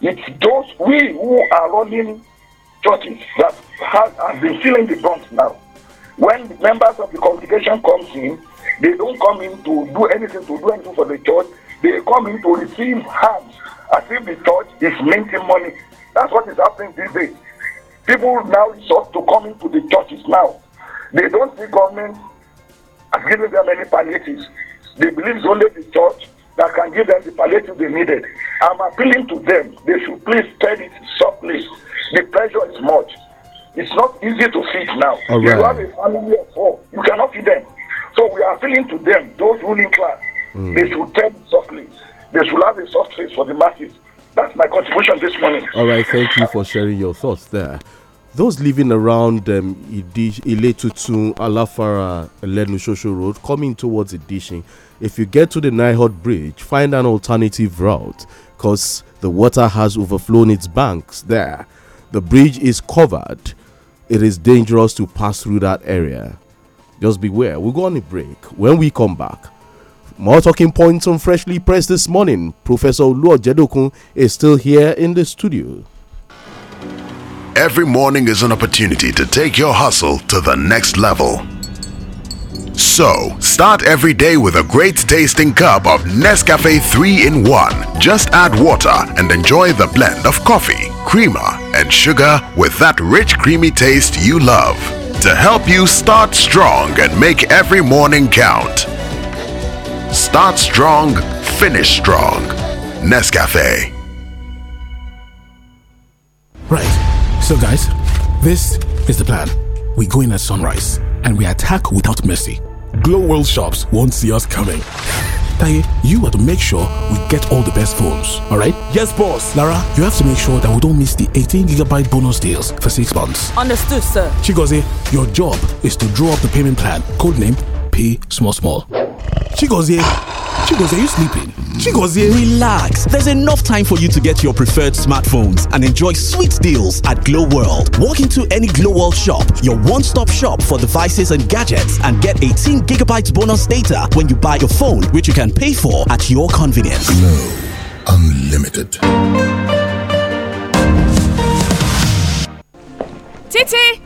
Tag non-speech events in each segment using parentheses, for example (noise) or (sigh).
It's those we who are running churches that have, have been feeling the brunt now. When members of the congregation comes in, they don't come in to do anything to do anything for the church. They come in to receive hands as if the church is minting money. That's what is happening these days. People now resort to coming to the churches now. They don't see government as giving them any palliatives. They believe only the church that can give them the palliative they needed. I'm appealing to them. They should please tell it softly. The pressure is much. It's not easy to feed now. You have a family of four. You cannot feed them. So we are appealing to them, those ruling class. Mm. They should tell it softly. They should have a soft face for the masses. That's my contribution this morning. All right. Thank you for sharing your thoughts there those living around um, Iletutu, Alafara, Elenu Shosho Road, coming towards Idishin, if you get to the Nihot Bridge, find an alternative route because the water has overflown its banks there. The bridge is covered. It is dangerous to pass through that area. Just beware. We'll go on a break. When we come back, more talking points on Freshly Pressed this morning. Professor Luo Jedokun is still here in the studio. Every morning is an opportunity to take your hustle to the next level so, start every day with a great tasting cup of Nescafe 3 in 1. Just add water and enjoy the blend of coffee, creamer, and sugar with that rich, creamy taste you love. To help you start strong and make every morning count. Start strong, finish strong. Nescafe. Right, so guys, this is the plan. We go in at sunrise and we attack without mercy. Glow World Shops won't see us coming. Taye, you are to make sure we get all the best phones, alright? Yes, boss. Lara, you have to make sure that we don't miss the 18GB bonus deals for six months. Understood, sir. Chigozie, your job is to draw up the payment plan, codename pee small small. Chigozie, Chigozie, you sleeping? Chigozie. Relax. There's enough time for you to get your preferred smartphones and enjoy sweet deals at Glow World. Walk into any Glow World shop, your one-stop shop for devices and gadgets, and get 18 gigabytes bonus data when you buy your phone, which you can pay for at your convenience. Glow Unlimited. Titi!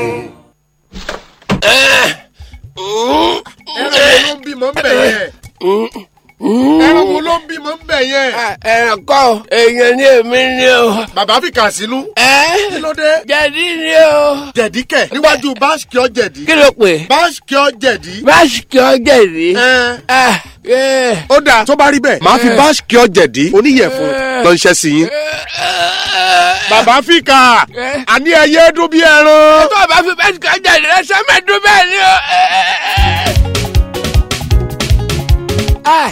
ẹran ló ń bímọ ń bẹ̀rẹ̀ ẹranko ló ń bímọ ń bẹ̀ yẹn. Ah, ẹranko èèyàn ni èmi ni o. bàbá fi kà sínú. ẹ kí ló dé. jẹ̀dí ni o. jẹ̀dí kẹ̀ níwájú báṣkìọ́ jẹ̀dí. kí ló pè. báṣkìọ́ jẹ̀dí. báṣkìọ́ jẹ̀dí. ó dáa tó bá rí bẹ́ẹ̀ máa fi báṣkìọ́ jẹ̀dí oníyẹ̀fun lọ ń ṣẹ́ sí yín. bàbá fi kà àní ẹyẹ dún bí ẹran. tó o fi báṣkìọ́ jẹ̀dí rẹ sẹ́mẹ̀ dún bẹ́ẹ̀ ni o. Ah!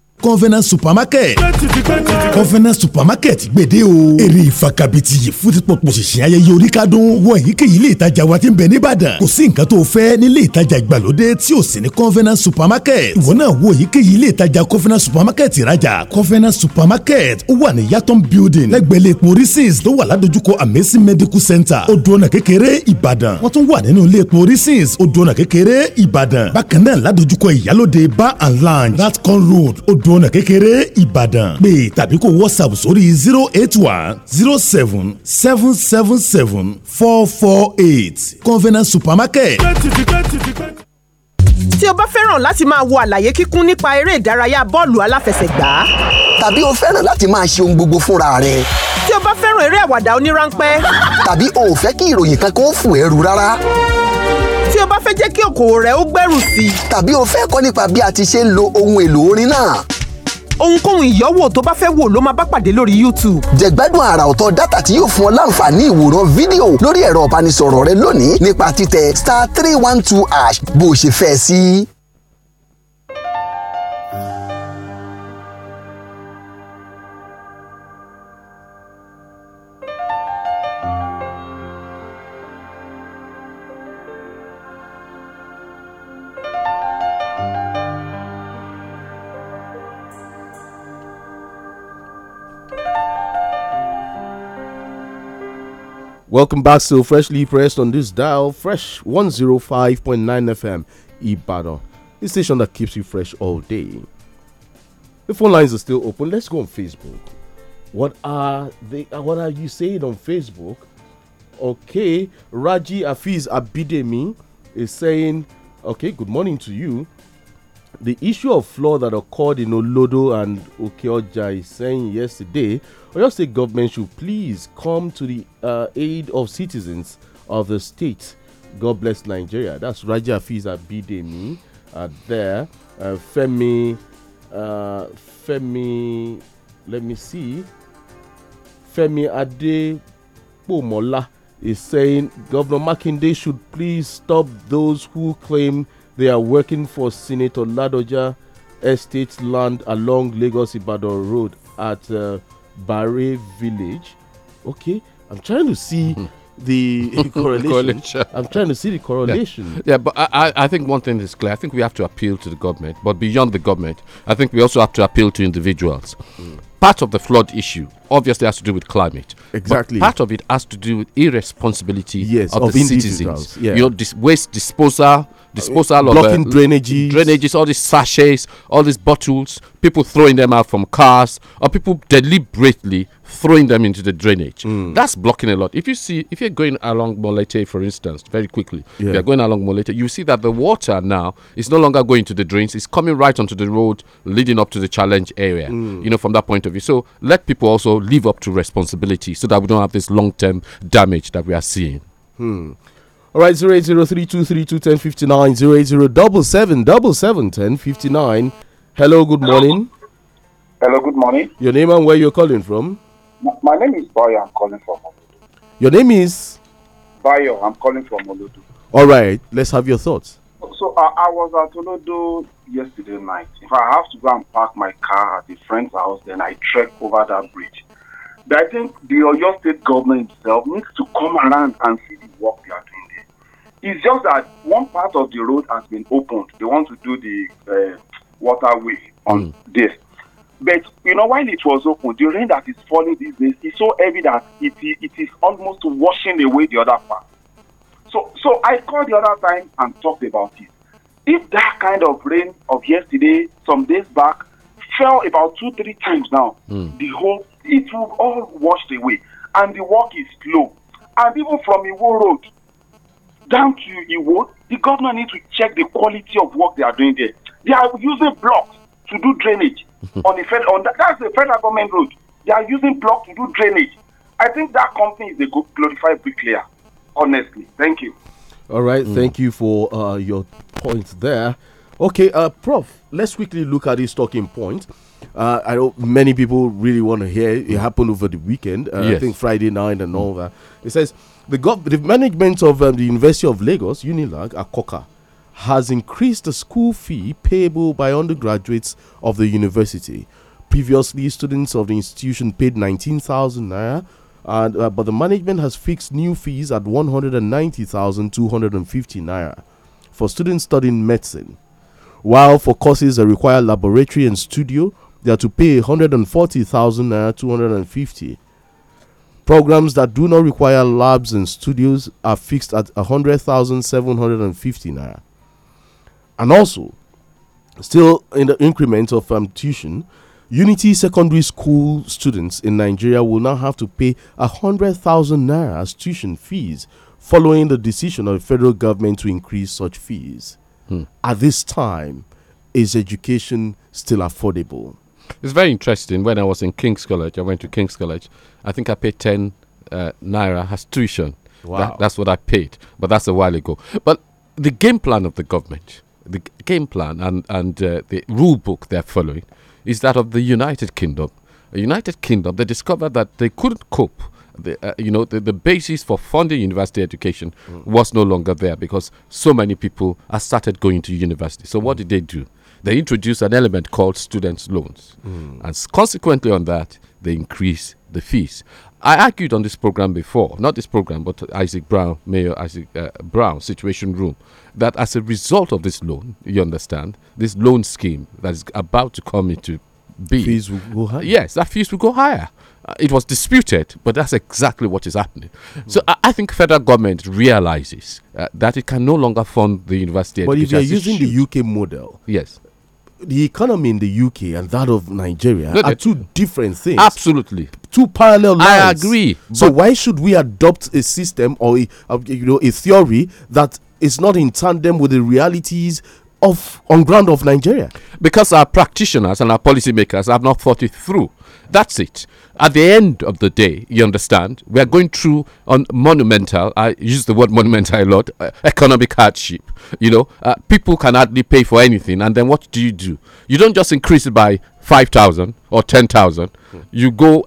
convenience supermarket convenience supermarket gbèdé o èrè ìfakabiti yìí fún ti pọpọ ṣìṣìn ayẹyẹ oníkádùn wọ èyíkéyìí ilé ìtajà wa ti ń bẹ nìbàdàn kò sí nǹkan tó o fẹ́ nílé ìtajà ìgbàlódé tí o sì ní convenience supermarket ìwọ náà wọ èyíkéyìí ilé ìtajà convenience supermarket ìrajà convenience supermarket ó wà ní yatom building lẹ́gbẹ̀lẹ́ epo reasons tó wà ládojúkọ amazing medical center odò ọ̀nà kékeré ìbàdàn wọ́n tún wà nínú ilé epo reasons odò ọ̀nà kékeré ìbàdàn bákan náà ládojúkọ ìyálòde bar and lounge ratcon road odò odò ọ̀nà kékeré ìbàdàn pé tàbí kó whatsapp sórí zero eight one zero seven seven seven seven four four eight convenience supermarket tí o bá fẹ́ràn láti máa wo àlàyé kíkún nípa eré ìdárayá bọ́ọ̀lù aláfẹsẹ̀gbá. tàbí o fẹ́ràn láti máa ṣe ohun gbogbo fúnra rẹ. tí o bá fẹ́ràn eré àwàdà oníránpẹ́. tàbí o ò fẹ́ kí ìròyìn kan kó fù ẹrù rárá. tí o bá fẹ́ jẹ́ kí okòwò rẹ ó gbèrú sí tàbí o fẹ́ kọ́ nípa bí a ti ṣe ń lo ohun èlò orin náà ohunkóhun ìyọ́wò tó bá fẹ́ wò ló máa bá pàdé lórí YouTube. jẹ̀gbádùn àrà ọ̀tọ̀ dátà tí yóò fún ọ láǹfààní ìwòran fídíò lórí ẹ̀rọ ìbánisọ̀rọ̀ rẹ lónìí nípa títẹ star three one two hash bó o ṣe fẹ́ sí. Welcome back to Freshly Pressed on this dial, Fresh 105.9 FM, Ibadan, the station that keeps you fresh all day. The phone lines are still open. Let's go on Facebook. What are they? Uh, what are you saying on Facebook? Okay, Raji Afiz Abidemi is saying, okay, good morning to you. The issue of flood that occurred in Olodo and Okeoja is saying yesterday, Oyo State government should please come to the uh, aid of citizens of the state. God bless Nigeria. That's Raja Fiza Bidemi uh, there. Uh, Femi, uh, Femi, let me see. Femi Adepomola is saying Governor Makinde should please stop those who claim they are working for Senator Ladoja Estate land along Lagos Ibadan Road at uh, Barre Village. Okay, I'm trying to see. Hmm. The (laughs) (laughs) correlation. I'm trying to see the correlation. Yeah, yeah but I, I think one thing is clear. I think we have to appeal to the government, but beyond the government, I think we also have to appeal to individuals. Mm. Part of the flood issue obviously has to do with climate. Exactly. part of it has to do with irresponsibility yes, of, of the citizens. Yeah. Your dis waste disposal disposal of blocking uh, drainages, drainages, all these sachets, all these bottles, people throwing them out from cars, or people deliberately throwing them into the drainage. Mm. That's blocking a lot. If you see, if you're going along Molete, for instance, very quickly, yeah. you're going along Molete, you see that the water now is no longer going to the drains, it's coming right onto the road leading up to the challenge area, mm. you know, from that point of view. So let people also live up to responsibility so that we don't have this long term damage that we are seeing. Hmm. All right, 08032321059, 08077771059. Hello, good morning. Hello, good morning. Your name and where you're calling from? My, name is Bayo, I'm calling from Olodu. Your name is? Bayo, I'm calling from Olodu. All right, let's have your thoughts. So uh, I was at Olodo yesterday night. If I have to go and park my car at a friend's house, then I trek over that bridge. But I think the Oyo State government itself needs to come around and see the work they are doing. It's just that one part of the road has been opened. They want to do the uh, waterway on mm. this. But you know, while it was open, the rain that is falling these days is so heavy that it, it is almost washing away the other part. So, so I called the other time and talked about it. If that kind of rain of yesterday, some days back, fell about two, three times now, mm. the whole it will all washed away, and the work is slow. And even from a Road down to Iwo, the governor needs to check the quality of work they are doing there. They are using blocks to do drainage mhm. on the federal, on the, that's the federal government road. They are using blocks to do drainage. I think that company is a good glorified bricklayer, honestly. Thank you. All right, mm. thank you for uh, your point there. Okay, uh, Prof, let's quickly look at this talking point. Uh, I know many people really want to hear. It happened over the weekend. Uh, yes. I think Friday night and all mm. that. It says the, the management of um, the University of Lagos, Unilag, Akoka, has increased the school fee payable by undergraduates of the university. Previously, students of the institution paid 19,000 naira, and, uh, but the management has fixed new fees at 190,250 naira for students studying medicine. While for courses that require laboratory and studio, they are to pay 140,000 naira 250 Programs that do not require labs and studios are fixed at 100,750 naira. And also, still in the increment of um, tuition, Unity secondary school students in Nigeria will now have to pay 100,000 naira as tuition fees following the decision of the federal government to increase such fees. Hmm. At this time, is education still affordable? It's very interesting. When I was in King's College, I went to King's College, I think I paid 10 uh, naira as tuition. Wow. That, that's what I paid, but that's a while ago. But the game plan of the government, the game plan and, and uh, the rule book they're following is that of the United Kingdom. The United Kingdom, they discovered that they couldn't cope. The, uh, you know, the, the basis for funding university education mm. was no longer there because so many people have started going to university. So, mm. what did they do? They introduced an element called students' loans. Mm. And consequently, on that, they increased the fees. I argued on this program before, not this program, but Isaac Brown, Mayor Isaac uh, Brown, Situation Room, that as a result of this loan, you understand, this loan scheme that is about to come into being. Fees will go higher. Yes, that fees will go higher. Uh, it was disputed, but that's exactly what is happening. Mm -hmm. So I, I, think federal government realizes uh, that it can no longer fund the university. But if you're using the UK model, yes, the economy in the UK and that of Nigeria no, are two different things. Absolutely, two parallel lines. I agree. So why should we adopt a system or a, a, you know a theory that is not in tandem with the realities of on ground of Nigeria? Because our practitioners and our policymakers have not thought it through. That's it. At the end of the day, you understand, we are going through on monumental, I use the word monumental a lot, uh, economic hardship. You know, uh, people can hardly pay for anything. And then what do you do? You don't just increase it by 5,000 or 10,000, you go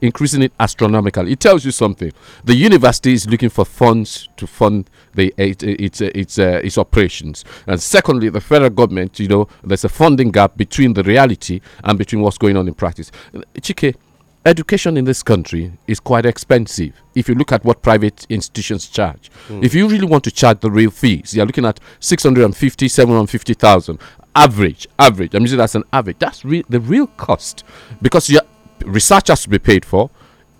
increasing it astronomically. It tells you something. The university is looking for funds to fund the eh, eh, its eh, its uh, its operations. And secondly, the federal government, you know, there's a funding gap between the reality and between what's going on in practice. Chike, education in this country is quite expensive if you look at what private institutions charge mm. if you really want to charge the real fees you're looking at 650 750000 average average i'm using that as an average that's re the real cost because your research has to be paid for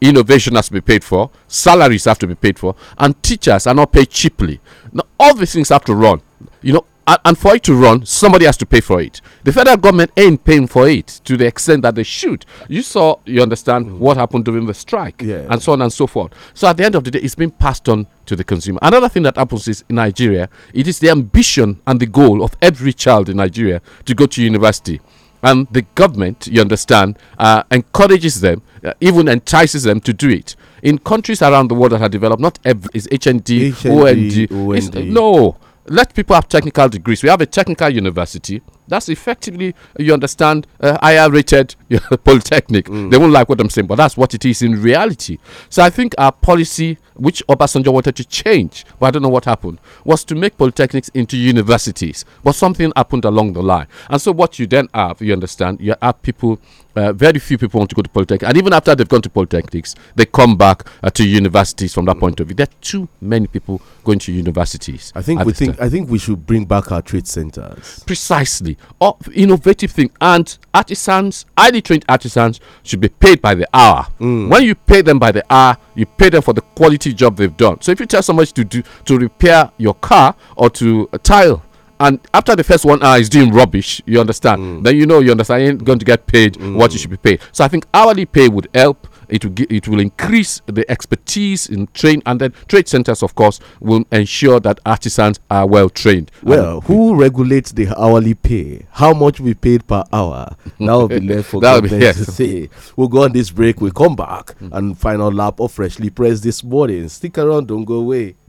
innovation has to be paid for salaries have to be paid for and teachers are not paid cheaply now all these things have to run you know and, and for it to run, somebody has to pay for it. The federal government ain't paying for it to the extent that they should. You saw, you understand mm. what happened during the strike, yeah. and so on and so forth. So at the end of the day, it's been passed on to the consumer. Another thing that happens is in Nigeria, it is the ambition and the goal of every child in Nigeria to go to university and the government, you understand, uh, encourages them, uh, even entices them to do it. In countries around the world that are developed, not every is HND, HND OND. OND. It's, no, let people have technical degrees. We have a technical university. That's effectively, you understand, uh, higher rated (laughs) polytechnic. Mm. They won't like what I'm saying, but that's what it is in reality. So I think our policy which Obasanjo wanted to change, but I don't know what happened, was to make polytechnics into universities. But something happened along the line. And so what you then have, you understand, you have people, uh, very few people want to go to polytechnics. And even after they've gone to polytechnics, they come back uh, to universities from that point of view. There are too many people going to universities. I think we think I think we should bring back our trade centers. Precisely. Or innovative thing. And artisans, highly trained artisans should be paid by the hour. Mm. When you pay them by the hour, you pay them for the quality job they've done. So if you tell somebody to do to repair your car or to tile, and after the first one hour is doing rubbish, you understand? Mm. Then you know you understand you ain't going to get paid mm. what you mm. should be paid. So I think hourly pay would help it will it will increase the expertise in train and then trade centers of course will ensure that artisans are well trained well and who regulates the hourly pay how much we paid per hour (laughs) that will be left for government (laughs) yes. to say we'll go on this break we we'll come back mm -hmm. and final lap of freshly pressed this morning stick around don't go away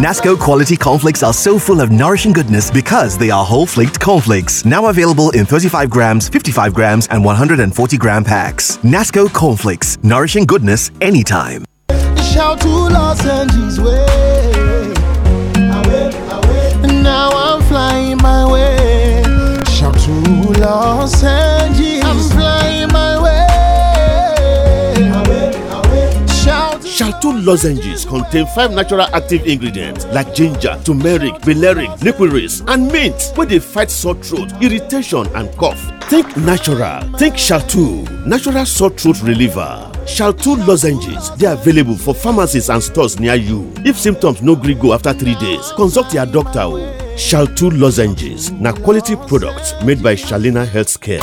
Nasco quality conflicts are so full of nourishing goodness because they are whole flaked cornflakes. Now available in 35 grams, 55 grams, and 140 gram packs. Nasco cornflakes, nourishing goodness anytime. Shout to Los Angeles way. Now I'm flying my way. Shout to Los Angeles. Shalto lozenges contain five natural active ingredients like ginger, turmeric, valeric, licorice, and mint where they fight sore throat, irritation, and cough. Think natural, think Shalto, natural sore throat reliever. Shalto lozenges They are available for pharmacies and stores near you. If symptoms no gree go after three days, consult your doctor o. Shalto lozenges na quality product made by Shalina Healthcare.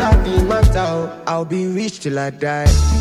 Oh,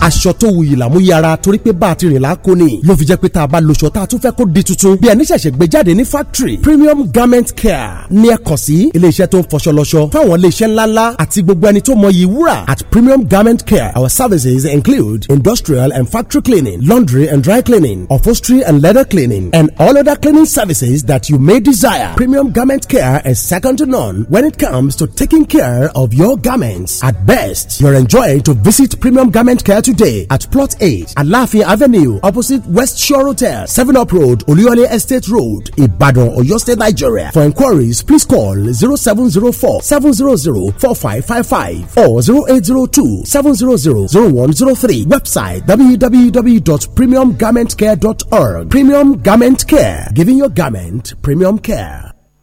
aṣọ tó wuyì làmúyẹ ara torí pé bá a ti rìn láko ni ló fi jẹ́ pé tá a bá lòṣọ tá a tún fẹ́ kó di tuntun bí ẹni ṣẹ̀ṣẹ̀ gbé jáde ní factory premium garment care ní ẹ kàn sí iléeṣẹ́ tó ń fọṣọ lọ́ṣọ fáwọn iléeṣẹ́ ńláńlá àti gbogbo ẹni tó mọyì wúrà at premium garment care our services include industrial and factory cleaning laundry and dry cleaning upholstery and leather cleaning and all other cleaning services that you may desire premium garment care is second to none when it comes to taking care of your garments. months. At best, you're enjoying to visit Premium Garment Care today at Plot 8, Alafia Avenue, opposite West Shore Hotel, 7 Up Road, Oluyole Estate Road, Ibadan, Oyo State, Nigeria. For inquiries, please call 0704 700 4555 or 0802 700 0103. Website www.premiumgarmentcare.org. Premium Garment Care, giving your garment premium care.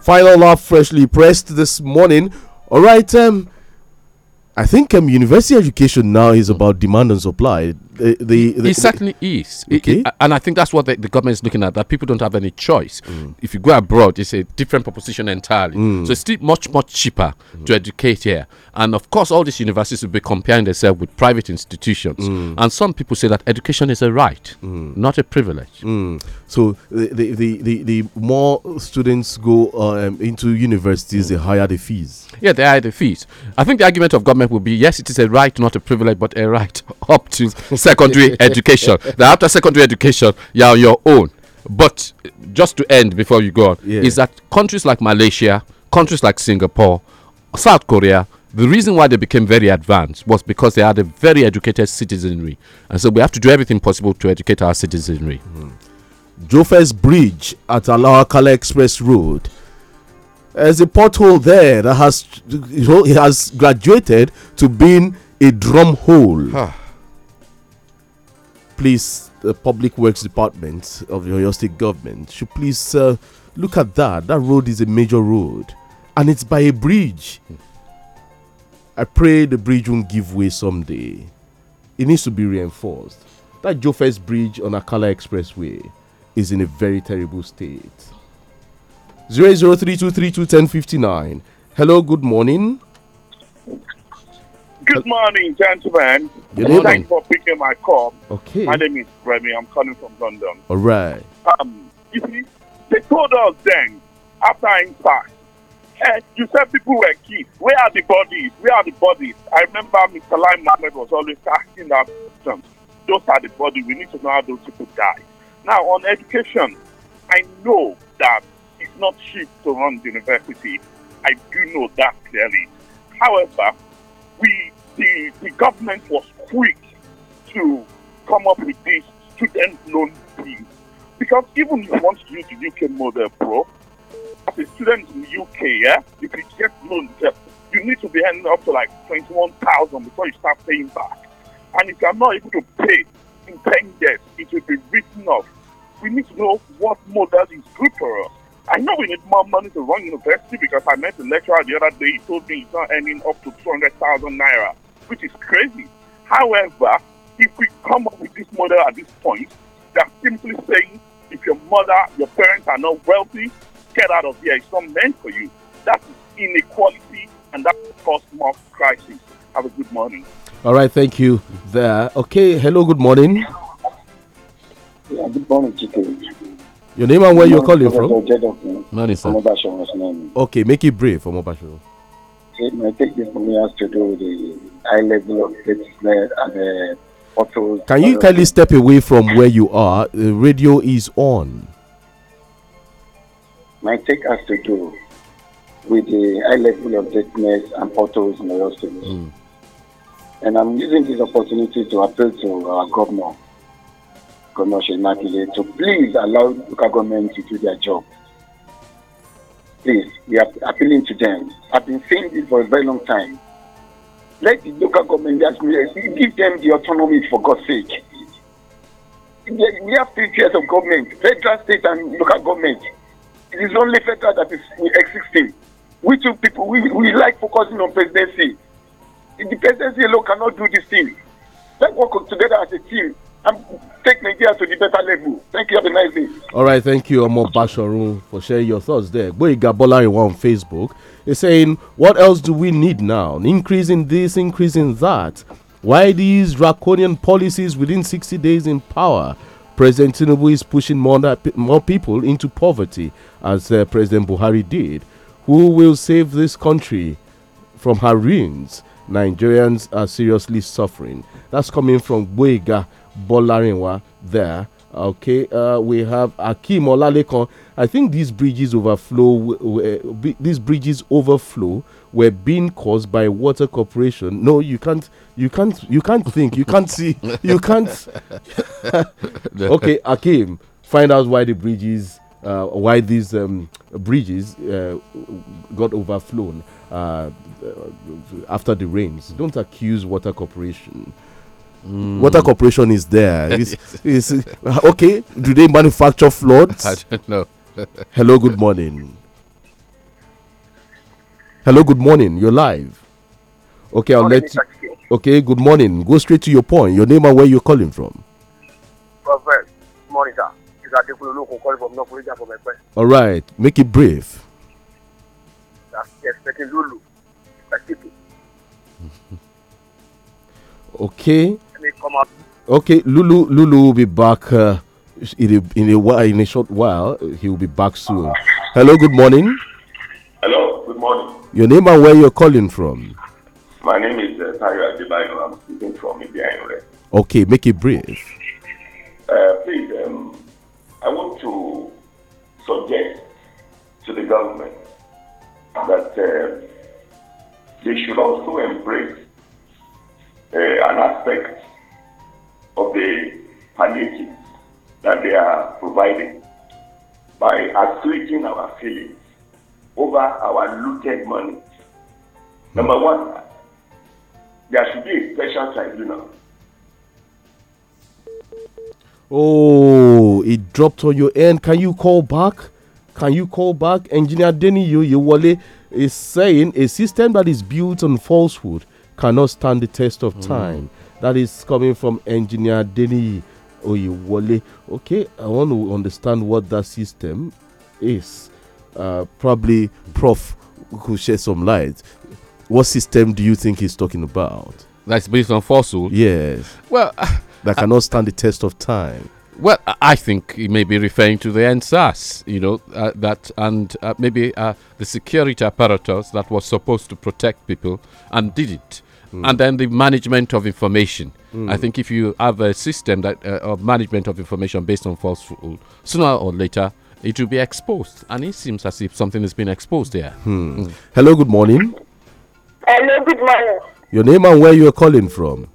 Final love freshly pressed this morning. All right, um, I think um, university education now is about demand and supply. The, the, the it certainly the, is. Okay. It, it, and I think that's what the, the, government is looking at, that people don't have any choice. Mm. If you go abroad, it's a different proposition entirely. Mm. So it's still much, much cheaper mm. to educate here. And of course, all these universities will be comparing themselves with private institutions. Mm. And some people say that education is a right, mm. not a privilege. Mm. So the, the, the, the, more students go um, into universities, the mm. higher the fees. Yeah, the higher the fees. I think the argument of government will be yes, it is a right, not a privilege, but a right (laughs) up to secondary (laughs) education. That after secondary education, you are your own. But just to end before you go on, yeah. is that countries like Malaysia, countries like Singapore, South Korea, the reason why they became very advanced was because they had a very educated citizenry. And so we have to do everything possible to educate our citizenry. Mm. Jofes Bridge at Alawakala Express Road. There's a pothole there that has it has graduated to being a drum hole. Please, the Public Works Department of the Oyo State Government should please uh, look at that. That road is a major road, and it's by a bridge. Mm. I pray the bridge won't give way someday. It needs to be reinforced. That Jofes Bridge on Akala Expressway is in a very terrible state. 003232159. Hello, good morning. Good morning, gentlemen. Good morning. Thanks for picking my call. Okay. My name is Remy. I'm calling from London. All right. Um, you see, they told us then, after impact, you said people were killed. Where are the bodies? Where are the bodies? I remember Mr. Lai Mohammed was always asking that question. Those are the bodies. We need to know how those people died. Now, on education, I know that it's not cheap to run the university. I do know that clearly. However, we the, the government was quick to come up with this student loan thing. Because even if you want to use the UK model, bro, as a student in the UK, yeah, you get loans. Yeah, you need to be earning up to like 21,000 before you start paying back. And if you're not able to pay in 10 years, it will be written off. We need to know what model is good for us. I know we need more money to run university because I met a lecturer the other day. He told me he's not earning up to 200,000 naira, which is crazy. However, if we come up with this model at this point, they're simply saying if your mother, your parents are not wealthy, get out of here. It's not meant for you. That is inequality and that caused more crisis. Have a good morning. All right, thank you. There. Okay, hello, good morning. Yeah, good morning, Chike. Your name and where you're calling from? Okay, make it brief, Omobasho. I think this only has to do with the high level of business and uh, Can you kindly step away from where you are? The radio is on might take us to do with the high level of deafness and portals in Oyo State. Mm. And I'm using this opportunity to appeal to our governor, Governor Shenakile, to please allow local government to do their job. Please, we are appealing to them. I've been saying this for a very long time. Let the local government give them the autonomy for God's sake. We have three tiers of government, federal, state, and local government it is only federal that is existing. We two people, we, we like focusing on presidency. The presidency alone cannot do this thing. Let's work together as a team and take Nigeria to the better level. Thank you. Have a nice day. All right. Thank you, Omo Basharoon, for sharing your thoughts there. Boyga Bolariwa on Facebook is saying, What else do we need now? Increasing this, increasing that. Why these draconian policies within 60 days in power? President Tinubu is pushing more, more people into poverty, as uh, President Buhari did. Who will save this country from her ruins? Nigerians are seriously suffering. That's coming from Buega Bolarinwa there. Okay, uh, we have Akim Olalekan. I think these bridges overflow, eh, these bridges overflow were being caused by Water Corporation. No, you can't you can't you can't think you can't see you can't (laughs) (laughs) okay akim find out why the bridges uh, why these um, bridges uh, got overflown uh, uh after the rains don't accuse water corporation Mm. Water Corporation is there. (laughs) It's, it's, uh, okay, do they manufacture floods? I don't know. Hello, good morning. Hello, good morning. You're live. Okay, I'll morning, let you. Okay, good morning. Go straight to your point. Your name and where you're calling from. Prophet, good morning, sir. All right, make it brief. (laughs) okay. Okay, Lulu, Lulu will be back uh, in a in a while, in a short while. He will be back soon. Hello, good morning. Hello, good morning. Your name and where you're calling from? My name is from Okay, make it brief. Uh, please, um, I want to suggest to the government that uh, they should also embrace uh, an aspect of the palliative that they are providing by assuaging our feelings over our looted money. Number one, there should be a special tribunal. Oh, it dropped on your end. Can you call back? Can you call back? Engineer Denny Yewale is saying a system that is built on falsehood cannot stand the test of mm. time. That is coming from Engineer Denny Oyewole. Okay, I want to understand what that system is. Uh, probably Prof could shed some light what system do you think he's talking about? That's based on fossil. Yes. Well, (laughs) that cannot stand the test of time. Well, I think he may be referring to the NSAS, you know, uh, that and uh, maybe uh, the security apparatus that was supposed to protect people and didn't. Mm. And then the management of information. Mm. I think if you have a system that uh, of management of information based on falsehood, sooner or later it will be exposed. And it seems as if something has been exposed there. Hmm. Mm. Hello, good morning. Hello, good morning. Your name and where you are calling from?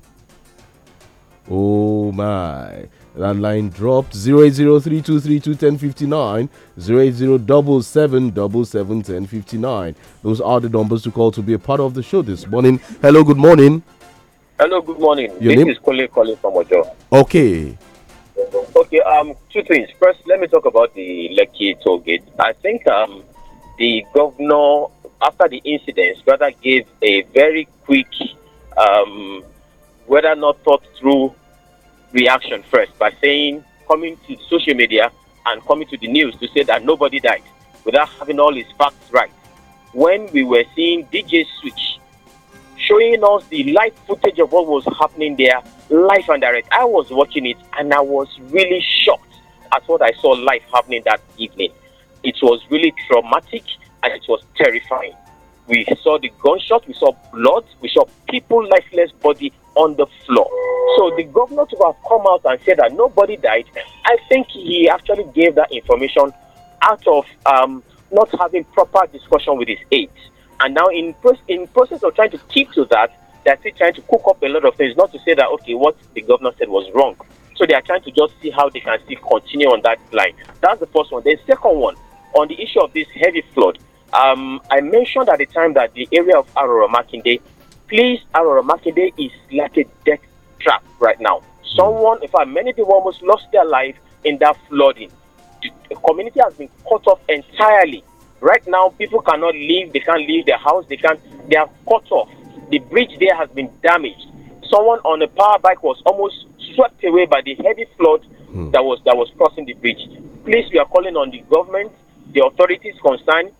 Oh my. Landline dropped 08032321059, 08077771059. Those are the numbers to call to be a part of the show this morning. Hello, good morning. Hello, good morning. Your this name? is Kole calling from Ojo. Okay. Okay, um, two things. First, let me talk about the Lekki toll gate. I think um, the governor after the incidents, rather gave a very quick, um, whether not thought through reaction first by saying, coming to social media and coming to the news to say that nobody died without having all his facts right. When we were seeing DJ Switch showing us the live footage of what was happening there, live and direct, I was watching it and I was really shocked at what I saw live happening that evening. It was really traumatic and it was terrifying. We saw the gunshot, we saw blood, we saw people lifeless body on the floor. So the governor to have come out and said that nobody died, I think he actually gave that information out of um, not having proper discussion with his aides. And now in pro- in process of trying to keep to that, they're still trying to cook up a lot of things, not to say that okay, what the governor said was wrong. So they are trying to just see how they can still continue on that line. That's the first one. The second one, on the issue of this heavy flood, um, I mentioned at the time that the area of Arora Makinde, please, Arora Makinde is like a death trap right now. Hmm. Someone, in fact, many people almost lost their life in that flooding. The community has been cut off entirely. Right now, people cannot leave. They can't leave their house. They can't. They are cut off. The bridge there has been damaged. Someone on a power bike was almost swept away by the heavy flood hmm. that was that was crossing the bridge. Please, we are calling on the government, the authorities concerned,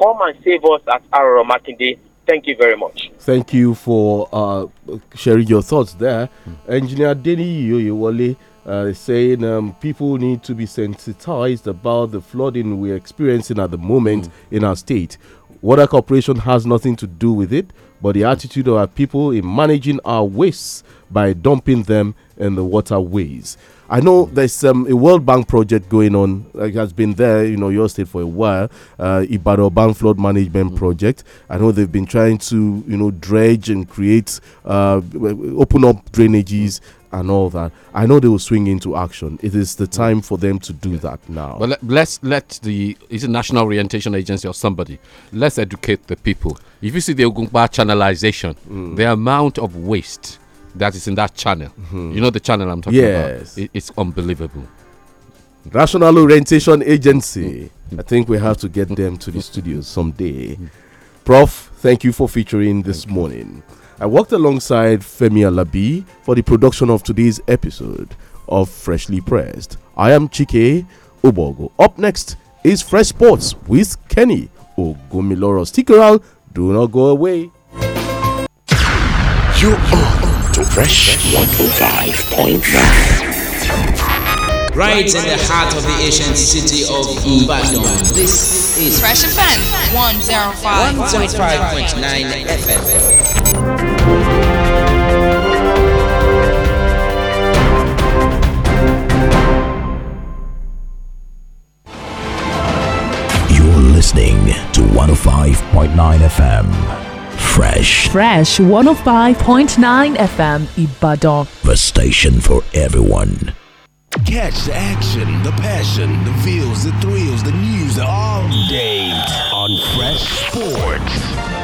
come and save us at Arora Makinde. Thank you very much. Thank you for uh, sharing your thoughts there. Mm. Engineer Denny Yoyewale uh, saying um, people need to be sensitized about the flooding we're experiencing at the moment mm. in our state. Water Corporation has nothing to do with it, but the attitude of our people in managing our wastes by dumping them in the waterways. I know there's um, a World Bank project going on. It has been there, you know, your state for a while. Uh, Ibadan Flood Management mm-hmm. Project. I know they've been trying to, you know, dredge and create, uh, open up drainages and all that. I know they will swing into action. It is the mm-hmm. time for them to do yeah. that now. But let, us let the is it National Orientation Agency or somebody let's educate the people. If you see the Ogunpa channelization, mm. the amount of waste that is in that channel. Mm -hmm. You know the channel I'm talking yes. about. It, it's unbelievable. Rational Orientation Agency. Mm. I think we have to get them to the (laughs) studio someday. Mm. Prof, thank you for featuring this thank morning. I worked alongside Femi Alabi for the production of today's episode of Freshly Pressed. I am Chike Obogo. Up next is Fresh Sports with Kenny Ogumiloro. Stick around, do not go away. You are to Fresh 105.9. Right in the heart of the ancient city of Ibadan. This is Fresh Offense 105. 105.9 FM. listening to 105.9 FM. Fresh. Fresh 105.9 FM Ibadan. The station for everyone. Catch the action, the passion, the feels, the thrills, the news all day on Fresh Sports.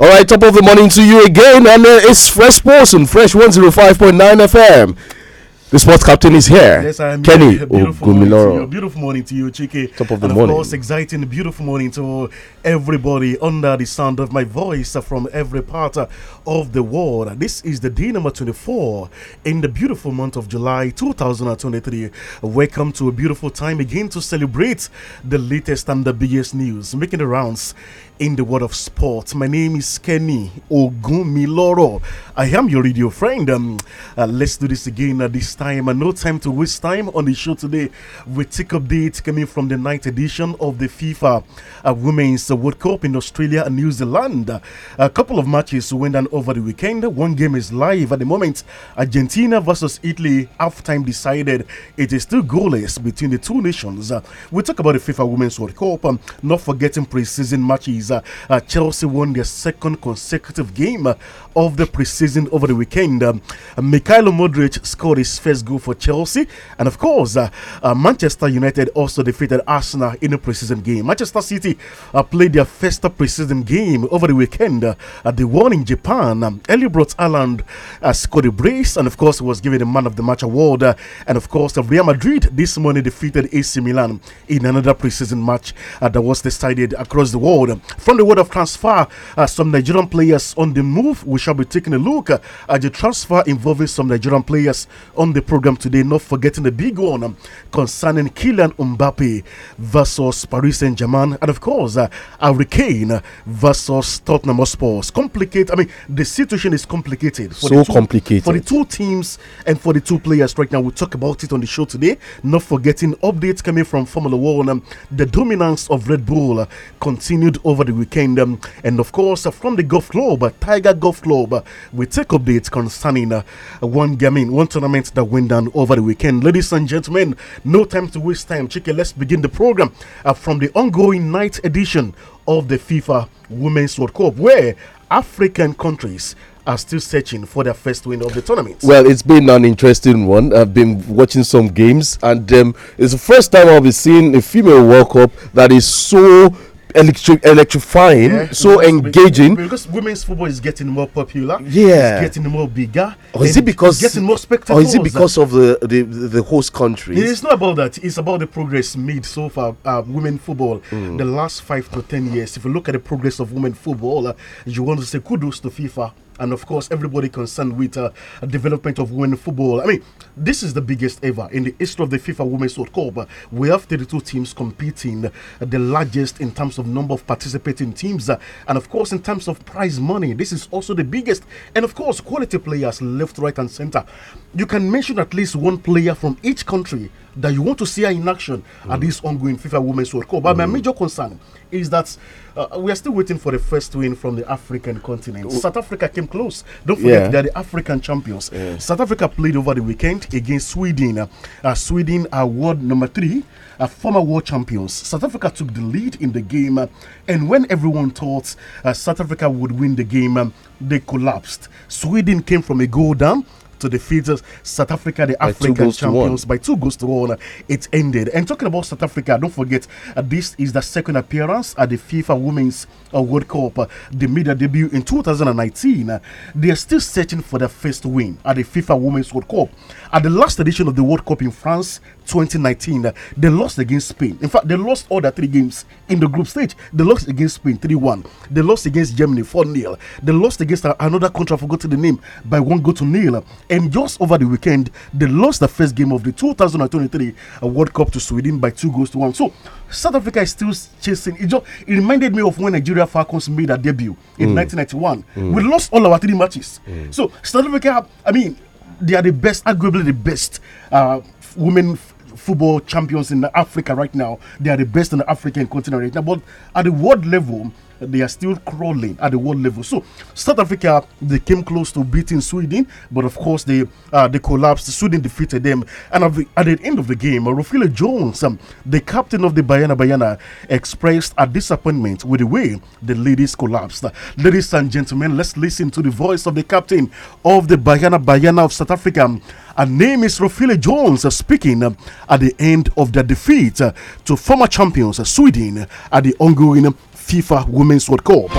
All right, top of the morning to you again, and uh, it's Fresh Sports on Fresh 105.9 FM. The sports captain is here. Yes, I am. Kenny here. Beautiful, morning beautiful morning to you, Chiki. Top of the and of morning. Of course, exciting, beautiful morning to everybody under the sound of my voice from every part of the world. This is the day number 24 in the beautiful month of July 2023. Welcome to a beautiful time again to celebrate the latest and the biggest news making the rounds in the world of sports. My name is Kenny Ogumiloro. I am your radio friend. Um, uh, let's do this again at uh, this time. uh, no time to waste time on the show today. We take updates coming from the ninth edition of the FIFA uh, Women's World Cup in Australia and New Zealand. A couple of matches went on over the weekend. One game is live at the moment. Argentina versus Italy. Half time decided it is still goalless between the two nations. Uh, we talk about the FIFA Women's World Cup. Um, not forgetting preseason matches uh, uh, Chelsea won their second consecutive game of the preseason over the weekend. Um, Mikhailo Modric scored his first goal for Chelsea, and of course, uh, Manchester United also defeated Arsenal in a preseason game. Manchester City played their first preseason game over the weekend at the one in Japan. Um, brought Island uh, scored a brace, and of course, was given the man of the match award. Uh, and of course, uh, Real Madrid this morning defeated AC Milan in another preseason match uh, that was decided across the world. From the world of transfer, uh, some Nigerian players on the move. We shall be taking a look uh, at the transfer involving some Nigerian players on the program today. Not forgetting the big one um, concerning Kylian Mbappe versus Paris Saint Germain, and of course, uh, Hurricane versus Tottenham Hotspurs. Complicated. I mean, the situation is complicated. For so two, complicated for the two teams and for the two players right now. We'll talk about it on the show today. Not forgetting updates coming from Formula One. Um, the dominance of Red Bull uh, continued over the weekend. Um, and of course, uh, from the golf club, uh, Tiger Golf Club, uh, we take updates concerning uh, one game, in one tournament that went down over the weekend. Ladies and gentlemen, no time to waste time. Chicken, let's begin the program uh, from the ongoing night edition of the FIFA Women's World Cup, where African countries are still searching for their first win of the tournament. Well, it's been an interesting one. I've been watching some games, and um, it's the first time i have been seeing a female World Cup that is so electri electrifying, yeah, so engaging. Because women's football is getting more popular. Yeah, it's getting more bigger. Or is it because getting more spectacular? Or is it because of the, the the host country? It's not about that. It's about the progress made so far. Uh, women football, mm. the last five to ten years. If you look at the progress of women football, uh, you want to say kudos to FIFA and of course everybody concerned with uh, development of women football. I mean, this is the biggest ever in the history of the FIFA Women's World Cup. We have 32 teams competing, uh, the largest in terms of number of participating teams, uh, and of course in terms of prize money. This is also the biggest, and of course quality players left, right, and center you can mention at least one player from each country that you want to see her in action mm. at this ongoing FIFA Women's World Cup. But mm. my major concern is that uh, we are still waiting for the first win from the African continent. South Africa came close. Don't forget yeah. they're the African champions. Yeah. South Africa played over the weekend against Sweden. Uh, Sweden are world number three, uh, former world champions. South Africa took the lead in the game, uh, and when everyone thought uh, South Africa would win the game, um, they collapsed. Sweden came from a goal down to defeat South Africa, the by African champions, by two goals to one. It ended. And talking about South Africa, don't forget uh, this is the second appearance at the FIFA Women's uh, World Cup, uh, the media debut in 2019. Uh, they are still searching for their first win at the FIFA Women's World Cup at the last edition of the World Cup in France 2019, they lost against Spain. In fact, they lost all their three games in the group stage. They lost against Spain 3 1. They lost against Germany 4 0. They lost against another country, I forgot the name, by one goal to nil. And just over the weekend, they lost the first game of the 2023 World Cup to Sweden by two goals to one. So, South Africa is still chasing. It, just, it reminded me of when Nigeria Falcons made their debut in mm. 1991. Mm. We lost all our three matches. Mm. So, South Africa, I mean, they are the best, arguably the best uh, women f- football champions in Africa right now. They are the best in the African continent right now. But at the world level, they are still crawling at the world level. So South Africa they came close to beating Sweden, but of course they uh, they collapsed. Sweden defeated them, and at the, at the end of the game, Rufile Jones, um, the captain of the Bayana Bayana, expressed a disappointment with the way the ladies collapsed. Ladies and gentlemen, let's listen to the voice of the captain of the Bayana Bayana of South Africa. Her name is Rofile Jones uh, speaking uh, at the end of their defeat uh, to former champions uh, Sweden at the ongoing FIFA Women's World Cup. It's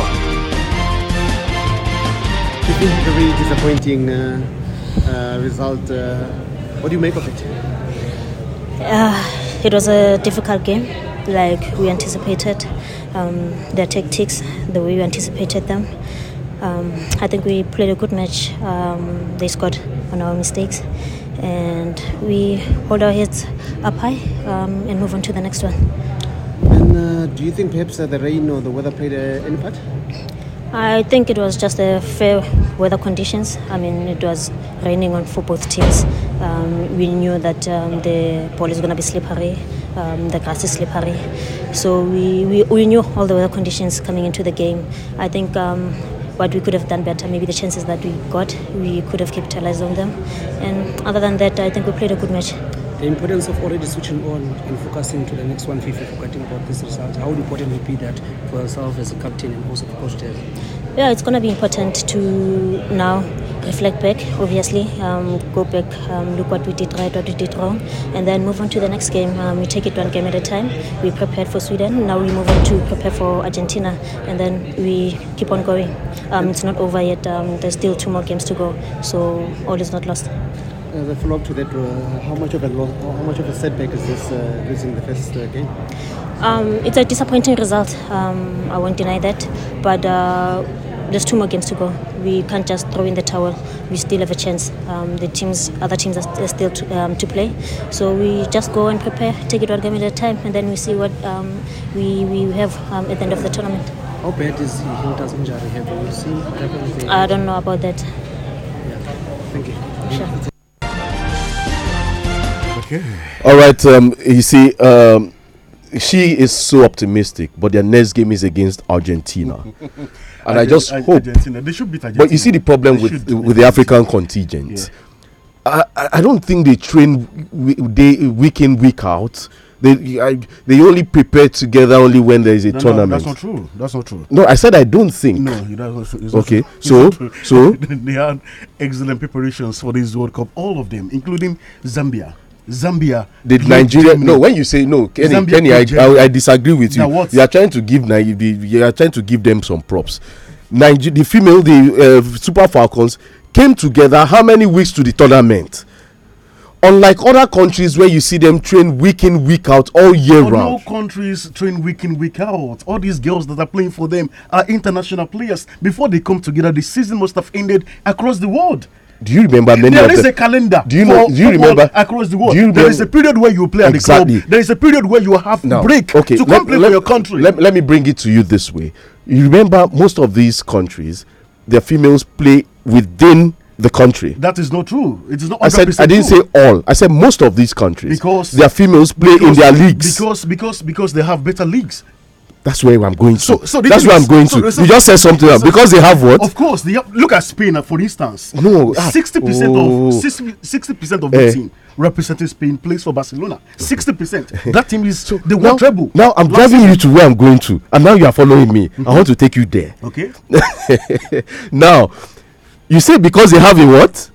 been a very disappointing uh, uh, result. Uh, what do you make of it? Uh, it was a difficult game, like we anticipated. Um, their tactics, the way we anticipated them. Um, I think we played a good match. Um, they scored on our mistakes, and we hold our heads up high um, and move on to the next one. And uh, do you think perhaps the rain or the weather played uh, any part? I think it was just the fair weather conditions. I mean, it was raining on for both teams. Um, we knew that um, the ball is going to be slippery, um, the grass is slippery. So we, we, we, knew all the weather conditions coming into the game. I think um, what we could have done better, maybe the chances that we got, we could have capitalized on them. And other than that, I think we played a good match. The importance of already switching on and focusing to the next one you're forgetting about this result, how important would be that for yourself as a captain and also for coach there? Yeah, it's going to be important to now reflect back, obviously, um, go back, um, look what we did right, what we did wrong, and then move on to the next game. Um, we take it one game at a time. We prepared for Sweden, now we move on to prepare for Argentina, and then we keep on going. Um, it's not over yet, um, there's still two more games to go, so all is not lost uh, the follow-up to that, uh, how much of a loss, how much of a setback is this uh, losing the first uh, game? Um, it's a disappointing result. Um, I won't deny that, but uh, there's two more games to go. We can't just throw in the towel. We still have a chance. Um, the teams, other teams, are, still to, um, to, play. So we just go and prepare, take it one game at a time, and then we see what um, we we have um, at the end of the tournament. How bad is Hilda's injury? Have you seen? I don't know about that. Yeah. Thank you. Sure. All right. Um, you see, um, she is so optimistic, but their next game is against Argentina. (laughs) and I, I just hope. Argentina. They should beat Argentina. But you see the problem they with, with the African contingent. Yeah. I, I don't think they train day, week in, week out. They, I, they only prepare together only when there is a no, tournament. No, that's not true. That's not true. No, I said I don't think. No, that's not, okay. Not, so, so (laughs) they had excellent preparations for this World Cup. All of them, including Zambia. Zambia. Did Nigeria? No, when you say no, Kenny, Zambia Kenny I, I, I, disagree with you. You are trying to give you are trying to give them some props. Niger, the female, the uh, Super Falcons came together. How many weeks to the tournament? unlike other countries where you see them train week in week out all year round. No countries train week in week out. All these girls that are playing for them are international players. Before they come together, the season must have ended across the world do you remember many there of them There is a calendar do you know do you remember across the world remember, there is a period where you play exactly. The club, there is a period where you have now, break okay, to come play for your country let, let me bring it to you this way you remember most of these countries their females play within the country. That is not true. It is not. I said I didn't true. say all. I said most of these countries because their females play because, in their leagues because because because they have better leagues that's where I'm going to. So, so that's where is, I'm going so, to. So, you just said something because they have what? Of course, they have, look at Spain uh, for instance. Oh, no, ah, sixty percent oh. of sixty percent of the eh. team representing Spain plays for Barcelona. Sixty percent. (laughs) That team is so the one treble. Now I'm driving season. you to where I'm going to, and now you are following me. Mm -hmm. I mm-hmm. want to take you there. Okay. (laughs) now, you say because they have a what?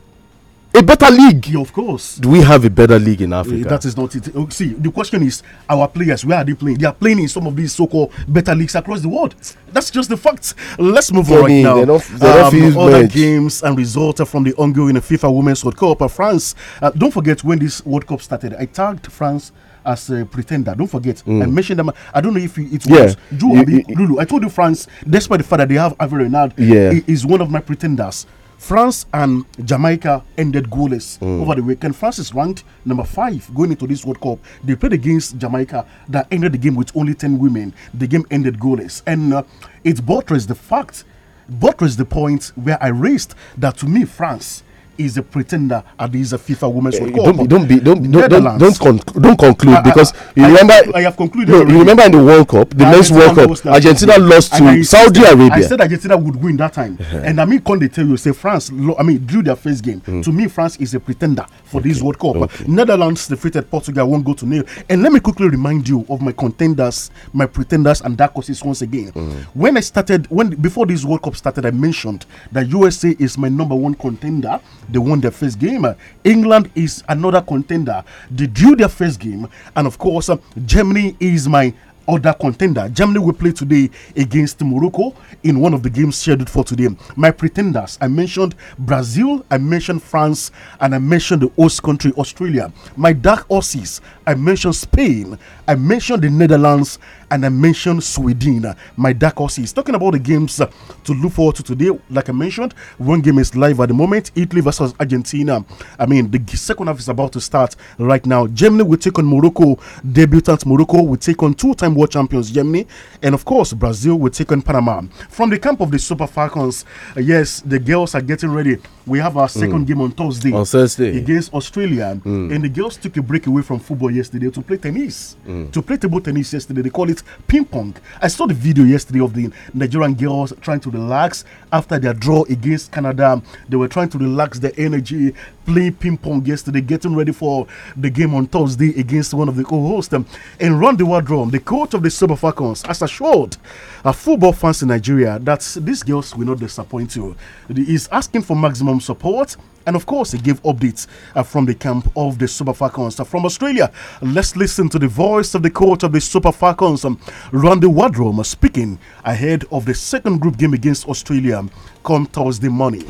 a better league. Yeah, of course. Do we have a better league in eh, Africa? Uh, that is not it. Oh, see, the question is our players, where are they playing? They are playing in some of these so called better leagues across the world. That's just the facts. Let's move on right now. Not, um, other games and results from the ongoing FIFA Women's World Cup. Uh, France, uh, don't forget when this World Cup started, I tagged France as a pretender. Don't forget, mm. I mentioned them. I don't know if it was yeah. Drew Lulu. I told you France, despite the fact that they have Avery Renard, yeah. is one of my pretenders France and Jamaica ended goalless mm. over the weekend. France is ranked number five going into this World Cup. They played against Jamaica that ended the game with only 10 women. The game ended goalless. And uh, it buttressed the fact, buttressed the point where I raised that to me, France is a pretender and he's a FIFA Women's World eh, Cup. Don't, don't be, don't be, don't, don't, don't, conc don't conclude I, I, because you I remember. Have, I have concluded. No, you remember in the World Cup, the, the next World Cup, Argentina lost to Saudi, Saudi Arabia. I said Argentina would win that time, uh -huh. and I mean, they tell you, say France. I mean, drew their first game. Mm. To me, France is a pretender for okay. this World Cup. Okay. Netherlands defeated Portugal Won't go to nil. And let me quickly remind you of my contenders, my pretenders, and dark horses once again. Mm. When I started, when before this World Cup started, I mentioned that USA is my number one contender they won their first game. England is another contender. They drew their first game. And of course, Germany is my other contender. Germany will play today against Morocco in one of the games scheduled for today. My pretenders, I mentioned Brazil, I mentioned France, and I mentioned the host country, Australia. My dark horses, I mentioned Spain, I mentioned the Netherlands, and I mentioned Sweden. My dark horse is talking about the games to look forward to today. Like I mentioned, one game is live at the moment Italy versus Argentina. I mean, the second half is about to start right now. Germany will take on Morocco, debutant Morocco will take on two time world champions Germany, and of course, Brazil will take on Panama. From the camp of the Super Falcons, uh, yes, the girls are getting ready. We have our second mm. game on Thursday, on Thursday against Australia, mm. and the girls took a break away from football yesterday to play tennis, mm. to play table tennis yesterday. They call it ping pong. I saw the video yesterday of the Nigerian girls trying to relax after their draw against Canada. They were trying to relax their energy, play ping pong yesterday, getting ready for the game on Thursday against one of the co-hosts. Um, and Ron Dewadrom, the coach of the Super Falcons, has assured a football fans in Nigeria that these girls will not disappoint you. He is asking for maximum support. And of course, he gave updates uh, from the camp of the Super Falcons. Uh, from Australia, let's listen to the voice of the coach of the Super Falcons, um, Randy Wadrom, speaking ahead of the second group game against Australia come Thursday morning.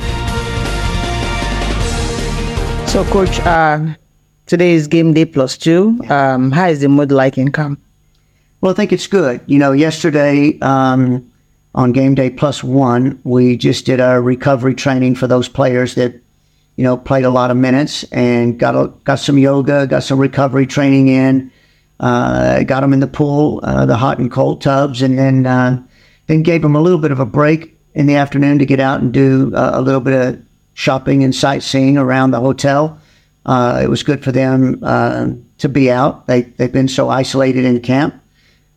So, coach, uh, today is game day plus two. Um, how is the mood like in camp? Well, I think it's good. You know, yesterday, um, on game day plus one, we just did our recovery training for those players that you know, played a lot of minutes and got a, got some yoga, got some recovery training in, uh, got them in the pool, uh, the hot and cold tubs, and then uh, then gave them a little bit of a break in the afternoon to get out and do uh, a little bit of shopping and sightseeing around the hotel. Uh, it was good for them um, to be out. They they've been so isolated in camp,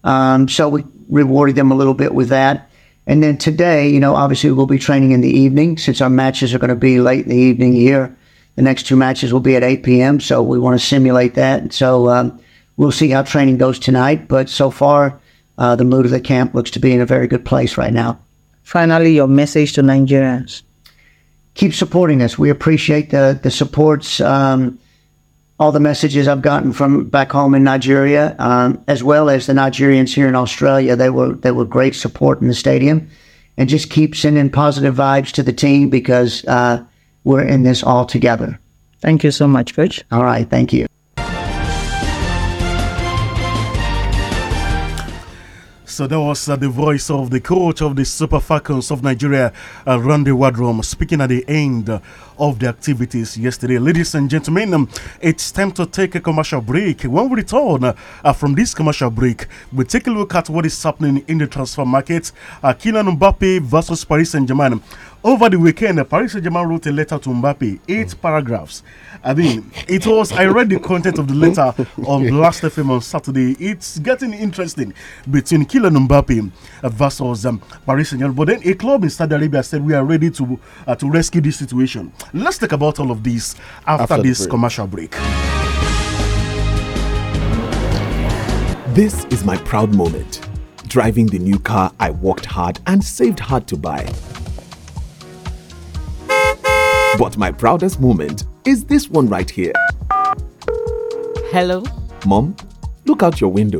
um, so we rewarded them a little bit with that. And then today, you know, obviously we'll be training in the evening since our matches are going to be late in the evening here. The next two matches will be at 8 p.m., so we want to simulate that. And so um, we'll see how training goes tonight. But so far, uh, the mood of the camp looks to be in a very good place right now. Finally, your message to Nigerians. Keep supporting us. We appreciate the, the supports. Um, all the messages I've gotten from back home in Nigeria, um, as well as the Nigerians here in Australia. They were they were great support in the stadium, and just keep sending positive vibes to the team because uh, we're in this all together. Thank you so much, Coach. All right, thank you. So that was uh, the voice of the coach of the Super Falcons of Nigeria, uh, Randy Wadrom, speaking at the end. Uh, of the activities yesterday. Ladies and gentlemen, um, it's time to take a commercial break. When we return uh, from this commercial break, we take a look at what is happening in the transfer market. Uh, Kylian Mbappe versus Paris Saint Germain. Over the weekend, uh, Paris Saint Germain wrote a letter to Mbappe, eight mm. paragraphs. I mean, it was. I read the content of the letter (laughs) on last FM on Saturday. It's getting interesting between Kylian Mbappe uh, versus um, Paris Saint Germain. But then a club in Saudi Arabia said we are ready to uh, to rescue this situation. Let's talk about all of this after, after this break. commercial break. This is my proud moment. Driving the new car I worked hard and saved hard to buy. But my proudest moment is this one right here. Hello? Mom, look out your window.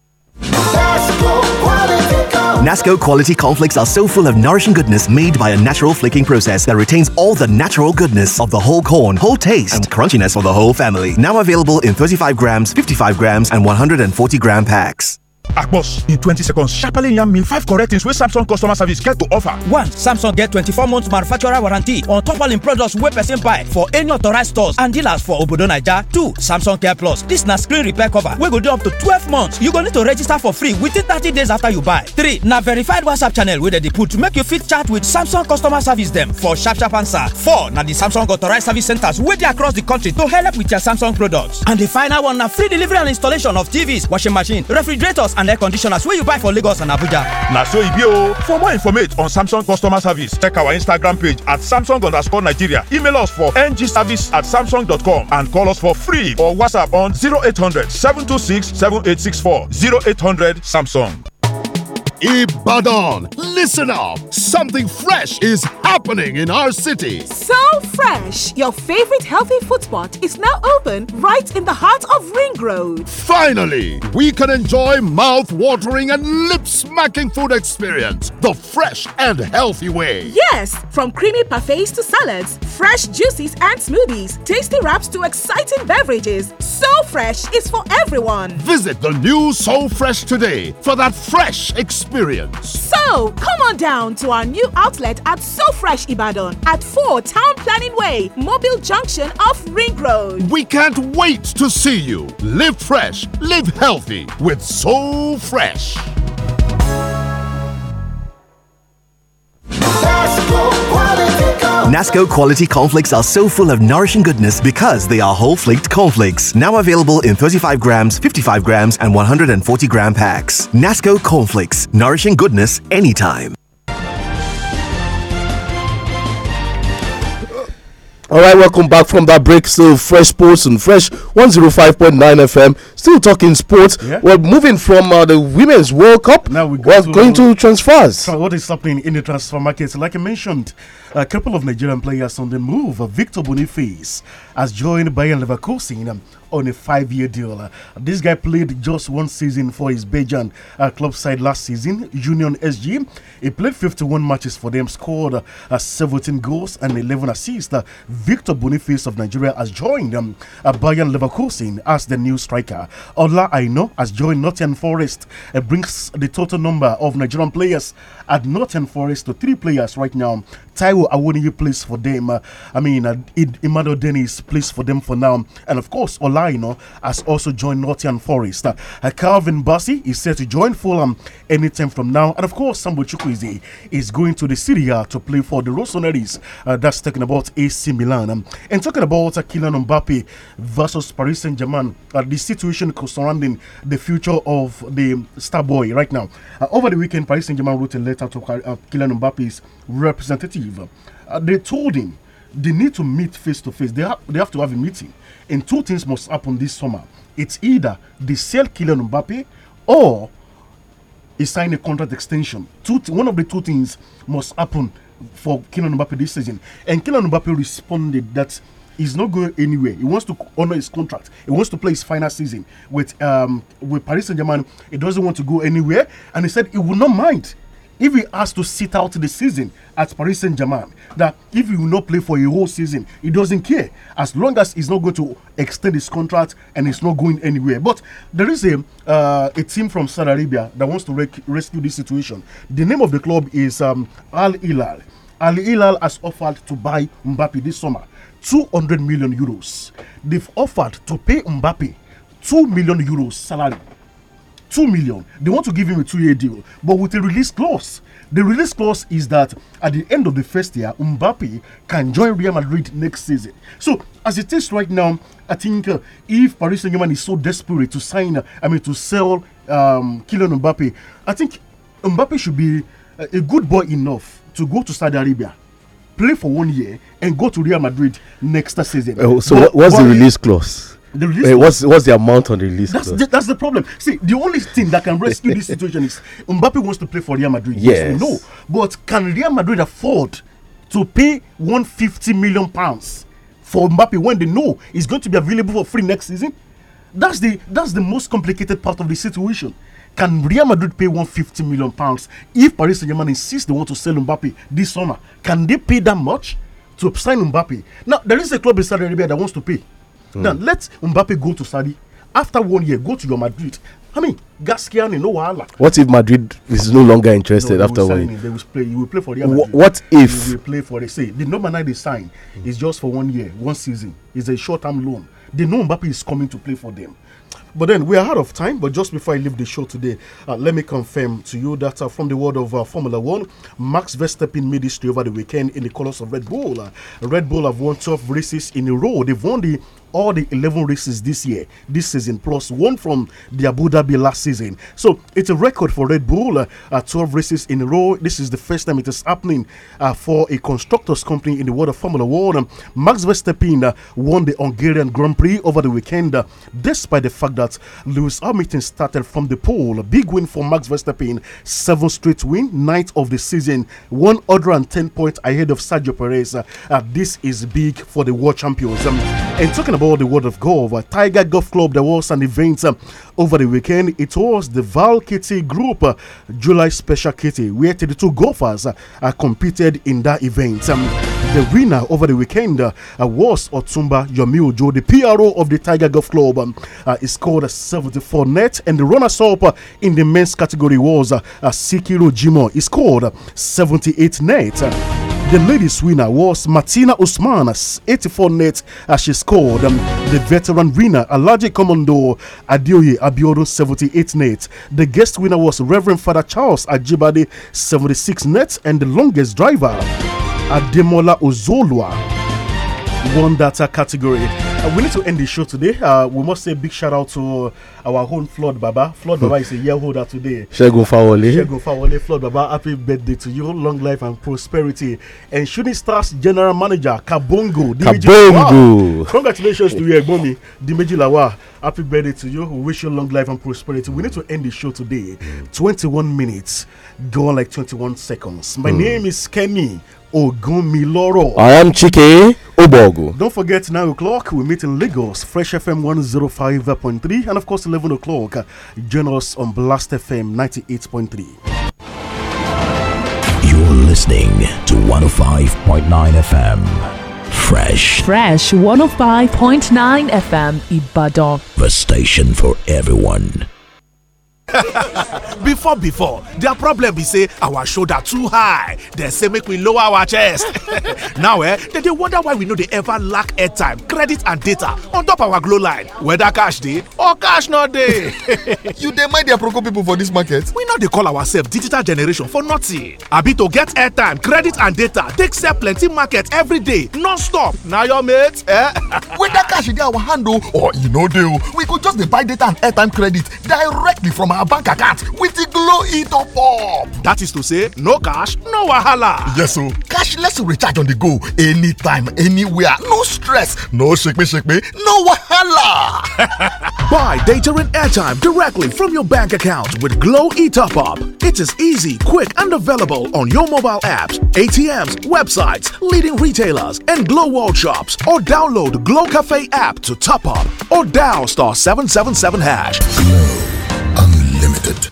Nasco quality cornflakes are so full of nourishing goodness made by a natural flaking process that retains all the natural goodness of the whole corn, whole taste, and crunchiness for the whole family. Now available in 35 grams, 55 grams, and 140 gram packs. Agbos in 20 seconds sharply yarn me five correct things wey samsung customer service get to offer. one samsung get 24 months manufacturer warranty on top all im products wey person buy for any authorized stores and dealers for obodo naija. two samsung care plus this na screen repair cover we go do up to 12 months you go need to register for free within 30 days after you buy. three na verified whatsapp channel wey dem dey put make you fit chat with samsung customer service them for sharp sharp answer. four na the samsung authorized service centers wey dey across the country to help with your samsung products. and the final one na free delivery and installation of tvs washing machine refrigerators and and air conditioners wey you buy for lagos and abuja na so e be o for more information on samsung customer service check our instagram page at samsung underscore nigeria email us for ngservice at samsung.com and call us for free or whatsapp on 0800 726 7864 0800 samsung. Ibadan. Listen up. Something fresh is happening in our city. So fresh. Your favorite healthy food spot is now open right in the heart of Ring Road. Finally, we can enjoy mouth-watering and lip-smacking food experience the fresh and healthy way. Yes, from creamy parfaits to salads, fresh juices and smoothies, tasty wraps to exciting beverages. So fresh is for everyone. Visit the new So Fresh today for that fresh experience experience. So, come on down to our new outlet at So Fresh Ibadan at 4 Town Planning Way, Mobile Junction off Ring Road. We can't wait to see you. Live fresh, live healthy with So Fresh. Nasco quality cornflakes are so full of nourishing goodness because they are whole flaked cornflakes. Now available in 35 grams, 55 grams, and 140 gram packs. Nasco cornflakes, nourishing goodness anytime. All right, welcome back from that break. Still fresh sports and fresh 105.9 FM. Still talking sports. Yeah. We're moving from uh, the Women's World Cup. Now we are going to transfers. What is happening in the transfer market? Like I mentioned, a couple of Nigerian players on the move. Victor Boniface has joined Bayern Leverkusen on a five year deal. This guy played just one season for his Belgian club side last season, Union SG. He played 51 matches for them, scored uh, 17 goals and 11 assists. Victor Boniface of Nigeria has joined um, uh, Bayern Leverkusen as the new striker. Ola Aino has joined Nottingham Forest, uh, brings the total number of Nigerian players at Norton Forest to three players right now. Taiwo Awoniyi plays for them. Uh, I mean, uh, Imado Dennis plays for them for now. And of course, Olaino has also joined Norton Forest. Uh, Calvin Bassi is set to join Fulham anytime from now. And of course, Sambo Chukwueze is going to the Syria to play for the Rossoneri's. Uh, that's talking about AC Milan. Um, and talking about uh, Kylian Mbappe versus Paris Saint Germain, uh, the situation surrounding the future of the star boy right now. Uh, over the weekend, Paris Saint Germain wrote a letter letter to uh, Kylian Mbappe's representative. Uh, they told him they need to meet face to face. They, ha they have to have a meeting. And two things must happen this summer. It's either they sell Kylian Mbappe or he sign a contract extension. Two one of the two things must happen for Kylian Mbappe this season. And Kylian Mbappe responded that he's not going anywhere. He wants to honor his contract. He wants to play his final season with um, with Paris Saint Germain. He doesn't want to go anywhere, and he said he would not mind if he has to sit out the season at Paris Saint Germain, that if he will not play for a whole season, he doesn't care as long as he's not going to extend his contract and he's not going anywhere. But there is a uh, a team from Saudi Arabia that wants to rec- rescue this situation. The name of the club is um, Al Hilal. Al Hilal has offered to buy Mbappe this summer, 200 million euros. They've offered to pay Mbappe 2 million euros salary 2 million. They want to give him a two year deal, but with a release clause. The release clause is that at the end of the first year, Mbappe can join Real Madrid next season. So, as it is right now, I think uh, if Paris Saint Germain is so desperate to sign, uh, I mean, to sell um, Kylian Mbappe, I think Mbappe should be uh, a good boy enough to go to Saudi Arabia play for one year and go to Real Madrid next season. Uh, so, but, what's but the release clause? The list Wait, what's what's the amount on the list? That's the, that's the problem. See, the only thing that can rescue this (laughs) situation is Mbappe wants to play for Real Madrid. Yes, yes we know, but can Real Madrid afford to pay 150 million pounds for Mbappe when they know he's going to be available for free next season? That's the that's the most complicated part of the situation. Can Real Madrid pay 150 million pounds if Paris Saint-Germain insists they want to sell Mbappe this summer? Can they pay that much to sign Mbappe? Now there is a club in Saudi Arabia that wants to pay Mm. Now let Mbappe go to Saudi. After one year, go to your Madrid. I mean, Gasciani, no wahala. What if Madrid is no longer interested no, after one? They will play. You will play for the Madrid. What if? You will play for. They say the number nine they sign mm. is just for one year, one season. It's a short-term loan. They know Mbappe is coming to play for them. But then we are out of time. But just before I leave the show today, uh, let me confirm to you that uh, from the world of uh, Formula One, Max Verstappen made history over the weekend in the colors of Red Bull. Uh, Red Bull have won 12 races in a row. They've won the all the 11 races this year, this season, plus one from the Abu Dhabi last season. So it's a record for Red Bull, uh, uh, 12 races in a row. This is the first time it is happening uh, for a constructors' company in the world of Formula One. Um, Max Verstappen uh, won the Hungarian Grand Prix over the weekend, uh, despite the fact that Lewis Hamilton started from the pole. A big win for Max Verstappen, seven straight win, ninth of the season, 110 points ahead of Sergio Perez. Uh, this is big for the world champions. Um, and talking about about the world of golf. Uh, Tiger Golf Club, there was an event uh, over the weekend. It was the Val Kitty Group uh, July Special Kitty, where 32 golfers uh, competed in that event. Um, the winner over the weekend uh, was Otumba Yomiojo, the PRO of the Tiger Golf Club. Um, he uh, scored 74 net, and the runner up uh, in the men's category was Sikiro Jimo. He scored 78 net. The ladies' winner was Martina Usmanas, 84 nets as she scored. Um, the veteran winner, Alaji Commando, Adioye Abiodun, 78 nets. The guest winner was Reverend Father Charles Ajibade, 76 nets. And the longest driver, Ademola Ozolwa, won that category. Uh, we need to end the show today. Uh, we must say big shout out to our own Flood Baba. Flood Baba is a year older today. Shego Fawole. Shego Fawole, Flood Baba, happy birthday to you. Long life and prosperity. And Shooting Stars General Manager Kabongo. Kabongo. Congratulations to you, Egbomi Dimeji Lawa. Happy birthday to you. We wish you long life and prosperity. We need to end the show today. 21 minutes, on like 21 seconds. My mm. name is Kenny Ogumiloro. I am Chike Obogu. Don't forget, 9 o'clock, we meet in Lagos, Fresh FM 105.3, and of course, 11 o'clock, join us on Blast FM 98.3. You're listening to 105.9 FM. Fresh. Fresh 105.9 FM Ibadan. The station for everyone. (laughs) before before their problem be say our shoulder too high dem say make we lower our chest (laughs) now eh dem dey wonder why we no dey ever lack airtime credit and data on top our glow line whether cash dey or cash no dey. (laughs) you dey mind their proco people for this market. we no dey call ourselves digital generation for nothing abi to get airtime credit and data take sell plenty market every day non-stop na your mate. Eh? whether cash dey our hand o or e no dey o we go just dey buy data and airtime credit directly from my bank account with the Glow It Up app. That is to say, no cash, no wahala. Yes, so oh. cashless recharge on the go anytime, anywhere. No stress, no shake me, shake me, no wahala. (laughs) Buy data and airtime directly from your bank account with Glow It Up app. It is easy, quick, and available on your mobile apps, ATMs, websites, leading retailers, and Glow World shops. Or download Glow Cafe app to top up or dial star 777 hash. Glow Limited.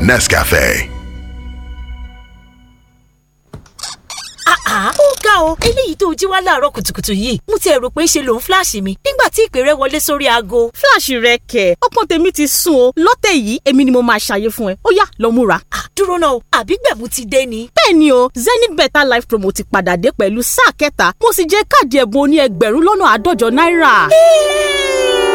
Nescafe. Ah, ah, ó ga o eléyìí tó jí wá láàárọ̀ kùtùkùtù yìí mo ti ẹ̀rù pé ṣe lòun fíláàṣì mi nígbà tí ìpè rẹ wọlé sórí aago. fíláàṣì rẹ kẹ ọpọ́n tèmi ti sùn o lọ́tẹ̀ yìí èmi ni mo máa ṣàyè fún ẹ ó yá lọ múra. Ah, dúró náà àbí gbẹ̀bù ti dé ni. bẹ́ẹ̀ o zenith better life promo ti padà dé pẹ̀lú sáà kẹta mo sì jẹ́ káàdì ẹ̀bùn oní ẹgbẹ̀rún lọ́nà àádọ́jọ náírà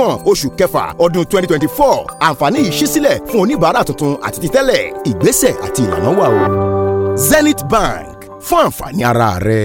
kọkànlélọ́gbọ̀n oṣù kẹfà ọdún twenty twenty four àǹfààní yìí ṣí sílẹ̀ fún oníbàárà tuntun àti títẹ́lẹ̀ ìgbésẹ̀ àti ìlànà wà o Zenith Bank fún àǹfààní ara rẹ.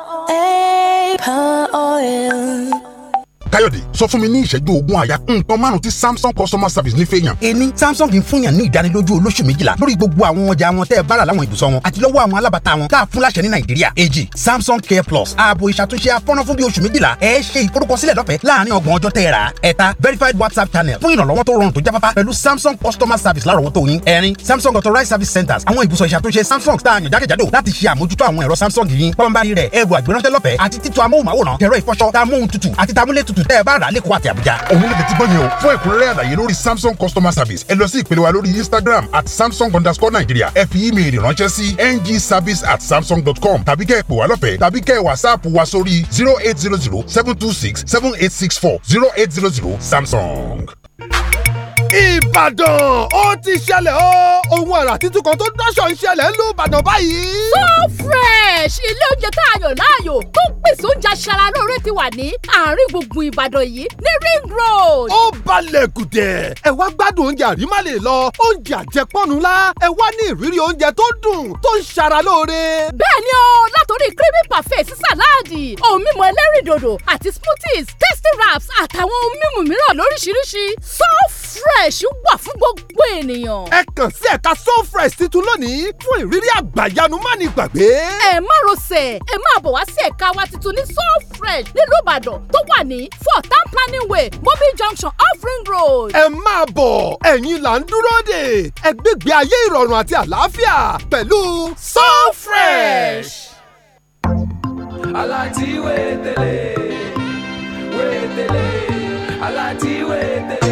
the paper oil. káyọ̀dé sọ fún mi ní ìṣẹ́jú ogún àyà nǹkan márùn-ún tí samsung customer service ní fẹ́yàn. èmi samsung ń fúnyàn ní ìdánilójú olóṣù méjìlá lórí gbogbo àwọn ọjà wọn tẹ́ ẹ bára láwọn ibùsọ̀ wọn àti lọ́wọ́ àwọn alábàtà wọn tá a fún láṣẹ ní nàìjíríà. èjì samsung care plus ààbò ìṣàtúnṣe afọ́nà fún bí oṣù méjìlá ẹ ṣe ìforúkọsílẹ̀ lọ́fẹ̀ẹ́ láàárín ọgbọ̀n ọjọ́ tẹ́ ẹ rà. ẹ̀ta verified whatsapp channel fún ìrànlọ́wọ́ tó rọrùn tó jáfáfá pẹ̀lú samsung customer service lárọ̀wọ́tó yín. ẹ̀rin samsung authorized service centers àwọn ibùsọ̀ ìṣàtúnṣe samsung tá a yàn jákèjádò láti ṣe àmójútó àwọn ẹ̀rọ samsung yìí pàmò bá rí rẹ̀ ẹrù àgbéránṣẹ́ lọ́fẹ̀ẹ́ àti títú amóhùnmáwòrán ẹ̀rọ ìfọṣọ tamóhun tutù àti tamúlé tutù tẹ́ ẹ bá rà ní àti àbújá. òun lè ti gbọ́yìn o fún ẹ̀kúnrẹ́rẹ́ àlàyé lórí samsung customer service ẹ lọ sí ìpele wa lórí instagram at samsung underscore nigeria ẹ fi ímeèlì ránṣẹ́ sí ngservice at samsung dot com tàbí kẹ́ ẹ pè wá lọ́fẹ̀ẹ́ tàbí kẹ́ ẹ wàsáàpù wa sórí zero eight zero zero seven two six seven eight six four zero eight zero zero samsung ìbàdàn ó ti ṣẹlẹ̀ ó ohun àrà títún kan tó dáṣọ ń ṣẹlẹ̀ ń lu ìbàdàn báyìí. so fresh ilé oúnjẹ tá a yàn láàyò tó ń pèsè oúnjẹ aṣara lóore ti wà ní àárín gbùngbùn ìbàdàn yìí ní ring road. ó balẹ̀ gùdẹ̀ ẹ wá gbádùn oúnjẹ àrímá lè lọ oúnjẹ àjẹpọ́nu ńlá ẹ wá ní ìrírí oúnjẹ tó dùn tó ń ṣara lóore. bẹ́ẹ̀ ni o látòrí creamy parfait sí sàláàdì ohun mímu ẹlẹ́rìndòdò àti smoothies tasty wraps àtàwọn ohun mímu mìíràn lóríṣiríṣi so fresh fresh wà fún gbogbo ènìyàn. ẹ kàn sí ẹ̀ka so fresh tuntun lónìí fún ìrírí àgbàyanu má ní gbàgbé. ẹ má rọsẹ̀ ẹ máa bọ̀ wá sí ẹ̀ka wa tuntun ní so fresh nílùú ìbàdàn tó wà ní four planning way mobil junction offering ring road. ẹ máa bọ̀ ẹ̀yin là ń dúró dè ẹ gbégbé ayé ìrọ̀rùn àti àlàáfíà pẹ̀lú so fresh. aláàtíwé tẹ̀lé wé tẹ̀lé aláàtíwé tẹ̀lé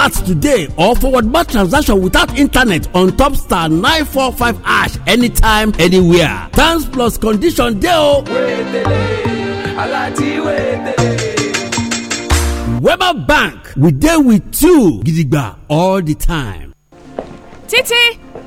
alert today or forward bar transaction without internet on top star five ash anytime anywhere thanks plus condition dey o. weber bank we dey with you gidigba all the time. Titi.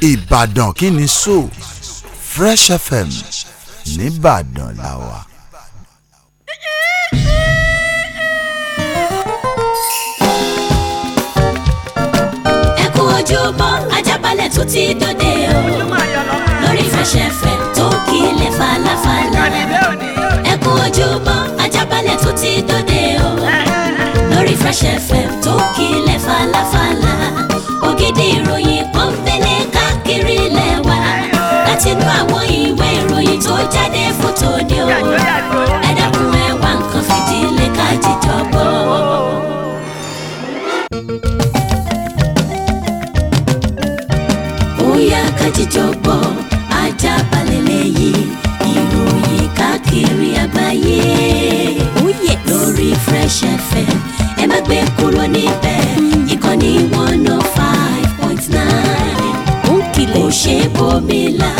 Ìbàdàn kí ni so Fresh FM nìbàdàn la wà. ẹ kú ojúmọ́ ajábalẹ̀ tó ti dòde o lórí Fresh FM tó kílẹ̀ falafala ẹ kú ojúmọ́ ajábalẹ̀ tó ti dòde o lórí Fresh FM tó kílẹ̀ falafala ògidì ìròyìn kan sínú àwọn ìwé ìròyìn tó jáde fún tòní o ẹ dákun ẹ wá nǹkan fìdílé ká jíjọ gbọ́. bóyá ká jíjọ gbọ́ ajá balẹ̀ lẹ́yìn ìròyìn káàkiri àgbáyé oh, lórí Fresh FM ẹ má gbé kúrò níbẹ̀ ìkànnì one oh five point nine kò ṣe bómi la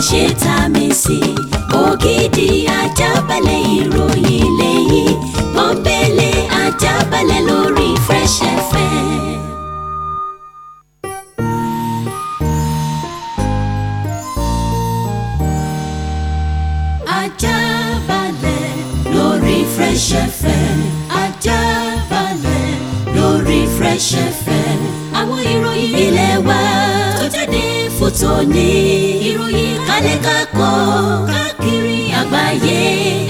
dẹ̀ ṣe tá a mi sí. ògidì ajábalẹ̀ ìròyìn lẹ́yìn pọ́npẹ́lẹ́ ajábalẹ̀ lórí Fresh FM. ajábalẹ̀ lórí Fresh FM ajábalẹ̀ lórí Fresh FM àwọn ìròyìn ilé wa òfò tó ní. ìròyìn kálẹ̀ kákọ́ káàkiri àgbáyé.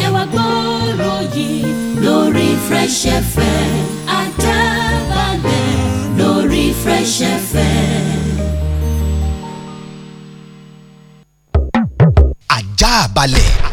ẹ wá gbọ́rọ̀ yìí lórí Fresh FM Àdábàgbẹ̀ lórí Fresh FM. àjà balẹ̀.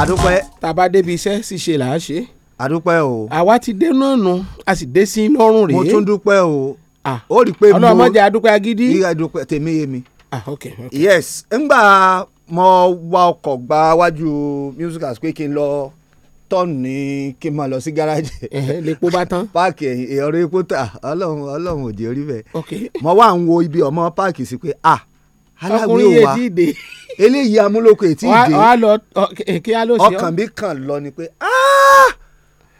àdúpẹ́. tàbá débi iṣẹ́ ṣíṣe là á ṣe. àdúpẹ́ o. àwa ti dé náà nù a sì dé sí lọ́rùn rèé. mo tún dúpẹ́ o. ó rí i pé mo ọlọ́mọdé àdúpẹ́ agídí. ìyá àdúpẹ́ tèmi yé mi. ah ok ok. yes ngbà mo wa ọkọ̀ gba wájú musicals pé kí n lọ tọ́ọ̀nù ní kí n máa lọ sí gáràjì. ẹ̀hẹ́ lèpo bá tán. páàkì ẹ̀yìn ọ̀rẹ́ epo ọlọ́run ọlọ́run ò jẹ́ orí bẹ́ẹ̀. ok mo wá ń wo ibi ọmọ páàkì sí pé ah aláwé ò wá (laughs) eléyìí amúlòkọ ètí ìdè ọkàn mi kàn lọ ni pé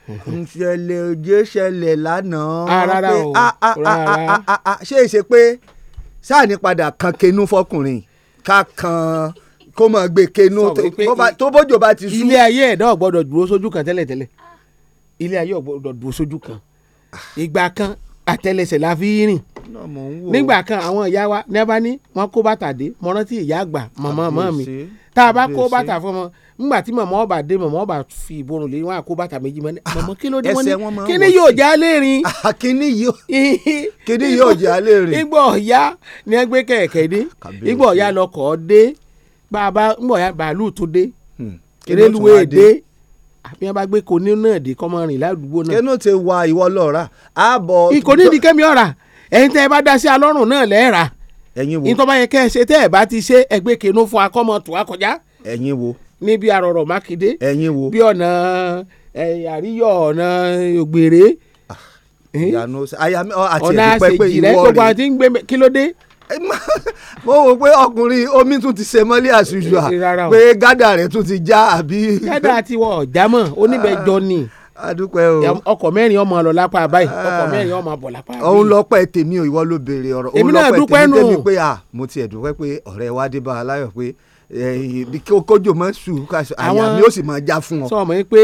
ǹṣẹ̀lẹ̀ ah! òjò ṣẹlẹ̀ lánàá pé ṣé ìṣe pé sáàní padà kan kenú fọkùnrin ká kan kó mọ̀ gbé kenú tó bójú bá ti sú. ilé ayé ẹ̀dá ò gbọ́dọ̀ dúró sójú kan tẹ́lẹ̀tẹ́lẹ̀ ilé ayé ò gbọ́dọ̀ dúró sójú kan ìgbà kan àtẹlẹsẹ̀ la fi rìn nígbà kan àwọn ìyá wa ní abá ní wọn kó bàtà dé mo rántí ìyá àgbà màmá màmá mi tá a bá kó bàtà fún ọmọ nígbà tí màmá ọba dé màmá ọba fi ìborùn lé wọn àkó bàtà méjì mọ ní ah, màmá kí ló wọn ní kíní yóò já lérin. kíní yóò (laughs) kíní yóò já lérin. igbó ọ̀yá ni ẹ gbé kẹ̀kẹ́ dé igbó ọ̀yá lọkọ̀ dé bàbá igbó ọ̀yá bàálù tó dé hmm, rélùwé dé àbí wọn bá gbé koni náà dé kọ́mọ ládùúgbò náà. kẹ́nu ti wa ìwọ lọ́ọ̀rà àbọ̀. ìkòní di kẹ́mi ọ̀rà ẹ̀yin tẹ́ ẹ bá dá sí alọ́rùn náà lẹ́ẹ̀ra ẹ̀yin wo ìtọ́ba yẹn kẹ́ ẹ ṣe tẹ́ ẹ bá ti ṣe ẹgbẹ́ kinu fún akọ́mọ tó a kọjá ẹ̀yin wo níbi àròrò mákindé ẹ̀yin wo bí ọ̀nà àríyọ̀ ọ̀nà ògbèrè ah, ọ̀nà àṣejì rẹ gbogbo àti ń gbé kí ló dé eh, mo wò pé ọkùnrin omi tún ti ṣe mọ́lẹ̀ àṣùjù à eh, pé gádà rẹ̀ tún ti já àbí. gádà tiwọ̀ jámọ̀ oníbẹ̀jọ ni. Ah, adúpẹ́ o. ọkọ̀ mẹ́rin ọmọ lọ lápá báyìí ah. ọkọ̀ mẹ́rin ọmọ bọ̀ lápá báyìí. òun lọ́pẹ́ tèmi o ìwọ ló béèrè ọ̀rọ̀ òun lọ́pẹ́ tèmi tèmi pé à mo tiẹ̀ dúpẹ́ pé ọ̀rẹ́ wa dé bá a láyọ̀ pé kójò mọ sù káṣọ àyà mi ó sì mọ já fún ọ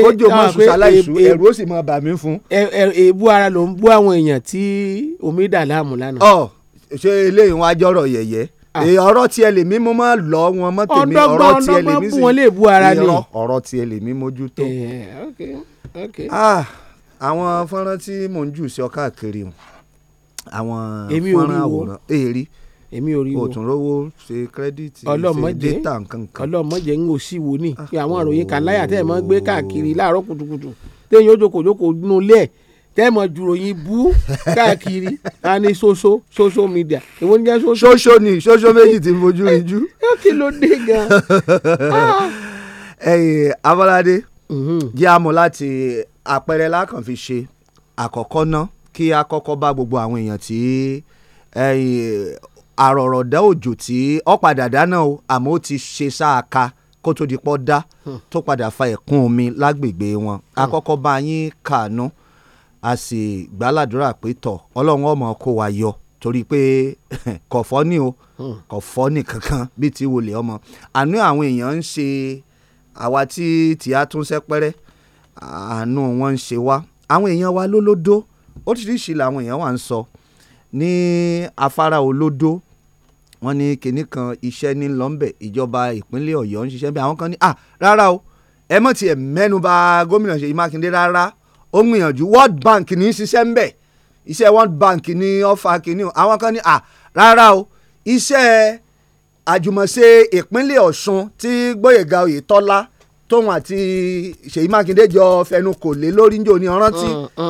kójò mọ sù sáláì sù ẹrù ó sì mọ bà mí fún. èébú ara ló ń bú àwọn èèyàn tí omi dà láàmú lánàá. ọ ṣé eléyìí wọn ajọrọ yẹ̀yẹ́ ọ̀rọ̀ tiẹ̀ lè mí mo máa lọ wọn mọ tèmi ọ̀rọ̀ tiẹ̀ lè mí sí ọ̀rọ̀ tiẹ̀ lè mí Ah, àwọn fọ́nrán tí mò ń jù sí ọ káàkiri àwọn fọ́nrán àwòrán èrí èmi ò rí wo òtúnrówó ṣe kírẹ́dìtì ṣe dẹ́tà nkankan ọlọ́mọdé ń wò sí wo ni ah, pé àwọn àròyìn kan láyà tẹ́ ẹ̀ mọ́ gbé káàkiri oh. láàárọ̀ kùtùkùtù téèyàn ó jókòó-jókòó nínú ilé ẹ̀ tẹ́ ẹ̀ mọ́ jùròyìn bú káàkiri a ní soso social media èwo ni jẹ́ soso. soso ni soso méjì tí mo fojú rí jú. (laughs) kí ló dé gan-an. (laughs) Ah. ẹyin Mm-hmm. jẹ́ àmọ́ láti àpẹẹrẹ lákàn fi ṣe àkọ́kọ́ ná kí a kọ́kọ́ bá gbogbo àwọn èèyàn tí àrọ̀rọ̀dá òjò tí ọ̀padà dáná o àmọ́ ó ti ṣe sáà ka kó tó di pọ́ dá hmm. tó padà fa ẹ̀kún omi lágbègbè wọn àkọ́kọ́ hmm. bá yín kàánú a sì gbàládùra pé tọ̀ ọlọ́run ọmọ kó wa yọ torí pé (laughs) kọ̀fọ́ ni o hmm. kọ̀fọ́ ni kankan bíi ti wọlé ọmọ àánú àwọn èèyàn ń ṣe. Se àwa tí tìyà tún sẹ́pẹ́rẹ́ àánú wọn ń ṣe wá àwọn èèyàn wa lólódó oríṣiríṣi làwọn èèyàn wà ń sọ ní afárá olódó wọ́n ní kinní kan iṣẹ́ ní lọ́ńbẹ̀ ìjọba ìpínlẹ̀ ọ̀yọ́ ń ṣiṣẹ́ bí àwọn kan ní à rárá o ẹ mọ̀ tiẹ̀ mẹ́nu gómìnà ṣèyí mákindé rárá ó ń gbìyànjú world bank ní í ṣiṣẹ́ ń bẹ̀ iṣẹ́ world bank ní ọ̀fà kinní àwọn kan ní à rárá o iṣẹ́ àjùmọ̀ṣe ìpínlẹ̀ ọ̀ṣun tí gbóyèga oyètọ́lá tóun àti ṣèyí mákindé jọ fẹnu kò lé lórí njó ni ọ̀rántí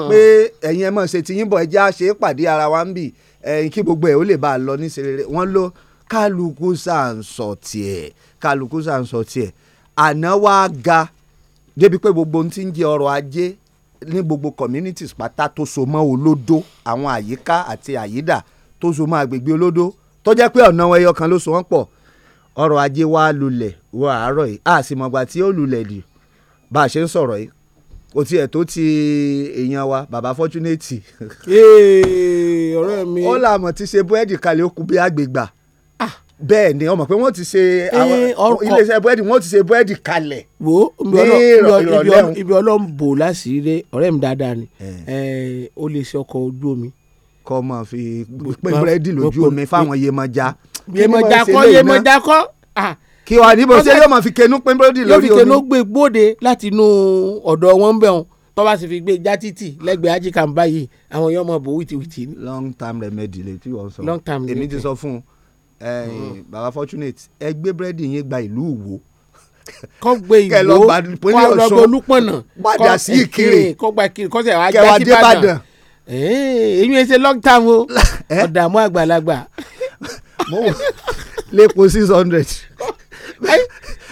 pé ẹ̀yin ẹ̀ mọ̀ ṣe ti yín bọ̀ ẹja ṣe é pàdé ara wa ń bì ẹ̀yìn kí gbogbo ẹ̀ ó lè bá a lọ ní serere wọ́n ló kálukú sàǹsọ̀ tiẹ̀ kálukú sàǹsọ̀ tiẹ̀ àná wá ga débi pé gbogbo ohun tí ń jẹ ọrọ̀ ajé ní gbogbo communities pátá tó so mọ́ olódó àwọn àyíká àti àyídà tó so mọ́ agbègbè olódó tó jẹ́ pé ọ̀nà wọn ẹyọ kan ló so wọ́n pọ̀ ọrọ̀ ajé wa lulẹ̀ wọ àárọ̀ yìí a sì mọ̀gbà tí ó lulẹ̀ dì bá a ṣe ń sọ̀rọ̀ yìí kò tiẹ̀ tó ti èèyàn wa bàbá fọ́túnẹ̀tì. ọ̀rẹ́ mi. ó làmọ̀ ti ṣe búrẹ́dì kalẹ̀ ó bí àgbègbà ah. bẹ́ẹ̀ ni ọmọ pé wọ́n ti ṣe eh, iléeṣẹ́ búrẹ́dì wọ́n ti ṣe búrẹ́dì kalẹ̀. wo ibi ọlọ́run bò láṣìírí ọ̀rẹ́ mi dáadáa ni eh. Eh, ó lè ṣe ọkọ̀ ojú omi kọ́ ọ fi pín búrẹ́dì lójú omi fáwọn Yemọja. Yemọja kọ́ Yemọja ah. kọ́ kí wàá níbo ṣe yóò máa fi kenú pín búrẹ́dì lórí omi. yóò fi kenú gbé gbóde láti inú ọ̀dọ̀ wọn bẹ̀ wọn tó bá sì fi gbé játìtì lẹ́gbẹ̀ẹ́ ajikan báyìí àwọn yóò máa bò wìtìwìtì. long time remedy lè tí wọ́n sọ long time remedy èmi ti sọ fún un mm. baba fortunate ẹ gbé búrẹ́dì yín gba ìlú Ìwó kọ́ gbé (laughs) ìwó kọ́ lọ́gbọ́n olúpọ̀nà padà sí Ìkirè kọ́ gba Ìkirè kọ́ sẹ̀ wá já sí Ìbàdàn èyí ẹ ṣe long term o (laughs) eh? ọ̀dààmú àgbàlagbà. mo wò lépo six hundred.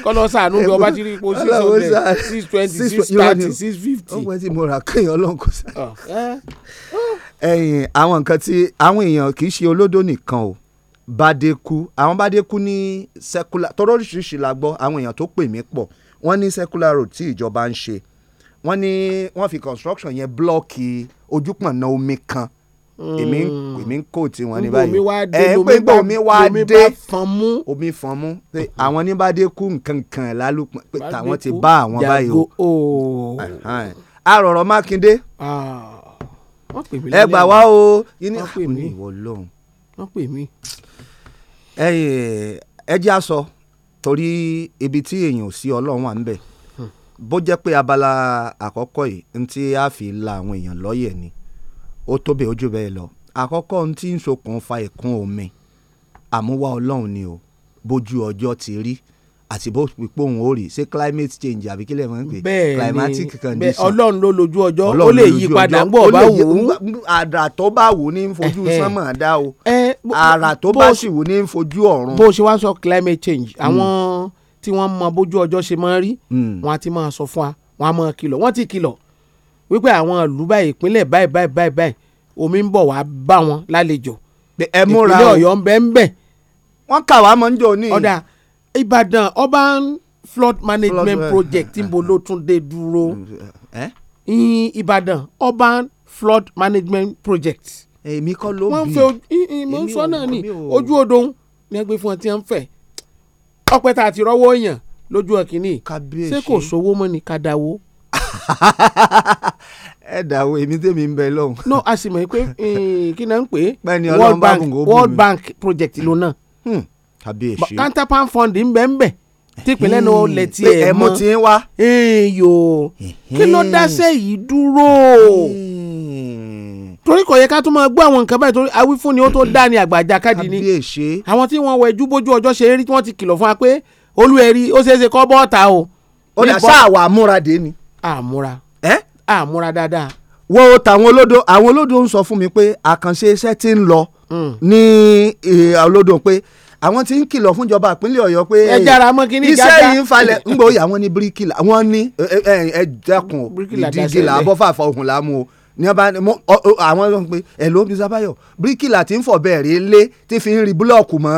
kọ́nà sànú bí ọba ti rí ipò six hundred six twenty six thirty six fifty. ọgbọ́n tí mo rà kéèyàn ọlọ́nkọ sáré. Ah, eh. ẹ̀yìn àwọn nǹkan tí àwọn èèyàn kì í ṣe olódó nìkan o bàdékù àwọn bàdékù ní secular tọ́rọ́ oríṣiríṣi la gbọ́ àwọn èèyàn tó pè mí pọ̀ wọ́n ní secular road tí ìjọba ń ṣe wọ́n ní wọ́n fi construction yẹn blọ́ọ̀kì ojúpọ̀nà omi kan èmi hmm. èmi ń kò tí wọn ní báyìí ẹ pé gbọ́ omi wá dé omi fọ́n mú pé àwọn ní bá dé kú nkankan lálùpọ̀ pé tàwọn ti bá àwọn báyìí o àròrọ̀ Mákindé ah. ẹ gbà wá o yín ní ah, ìwọ lọ́hùn ẹ jẹ́ àṣọ torí ibi tí èèyàn ò sí ọlọ́run à ń bẹ̀ bó jẹ́ pé abala àkọ́kọ́ yìí ní tí a fi la àwọn èèyàn lọ́yẹ̀ ni ó tó bẹ́ẹ̀ ojú bẹ́ẹ̀ lọ àkọ́kọ́ ní tí ń ṣokùnfà ìkún omi àmúwá ọlọ́run ni o bójú ọjọ́ ti rí àti bó pípọ̀ òun ó rí ṣé climate change àbí kílẹ̀ máa ń pè climatic condition. bẹ́ẹ̀ ọlọ́run ló lójú ọjọ́ ó lè yí padà ńgbọ́ bá wù ú. àrà tó bá wù ú ní ń fojú sánmà dá o àrà tó bá sì wù ú ní ń fojú ọ̀run. bó o ṣe wá sọ climate change àwọn. Mm tí wọ́n mọ bójú ọjọ́ ṣe máa rí hmm. wọn àti máa sọ fún wa wọn á máa kìlọ̀ wọ́n ti kìlọ̀ wípé àwọn ìlú báyìí ìpínlẹ̀ báyìí báyìí báyìí báyìí omi ń bọ̀ wá bá wọn lálejò ìpínlẹ̀ ọ̀yọ́ ń bẹ́ ń bẹ̀. wọ́n kà wá mọ́ ní. ọ̀dà ìbàdàn urban flood management eh, project ń eh, bo ló tún dé dúró hmm, eh, ìbàdàn urban flood management project. èmi kọ́ ló bì í wọ́n fẹ́ ojú odò ni wọ́n gbé fún ọtí ẹ̀ ń fẹ́ ọpẹ́ tá a ti rọ́wọ́ yàn lójú ọ̀kìnní ṣé kò sówó mọ́ ni ká dáwó. (laughs) ẹ dáwó èmi tèmi ń bẹ lọ́hùn. no a sì mọ̀ pé eh, kí náà ń pè é World Bank World Bank project ló náà. Hmm, kábíyèsí counterpart funding ń bẹ ń bẹ típínlẹ̀ náà lẹ̀ tí ẹ̀ mọ́ tí ń wá. kí ló dáṣẹ́ yìí dúró hmm torí kò yẹ ká tún máa gbọ́ àwọn nǹkan báyìí torí awífúnni ó tó dá ní àgbàjá káàdì ni àwọn tí wọ́n wẹ̀jú bójú ọjọ́ ṣe rí tí wọ́n ti kìlọ̀ fún wa pé olúẹ̀rí ó ṣeé ṣe kọ́ bọ́ọ̀ta o. ó dà sá àwa àmúra dé ni. àmúra àmúra dáadáa. wo tàwọn olódo àwọn olódo ń sọ fún mi pé àkànṣe iṣẹ́ ti ń lọ ní olódo pé àwọn tí ń kìlọ̀ fúnjọba ìpínlẹ̀ ọ̀yọ́ pé iṣẹ́ yìí ń falẹ̀ ń gbòòyà wọn ní bíríkìlà wọn ní ẹ̀ẹ́dẹ́kun ìdíje làbọ́fàfà òhun làmú o ní ọba àwọn ló ń pe ẹ ló ń bí sábàyọ bíríkìlà tí ń fọ bẹ́ẹ̀ rí lé tí fi ń rí búlọọkù mọ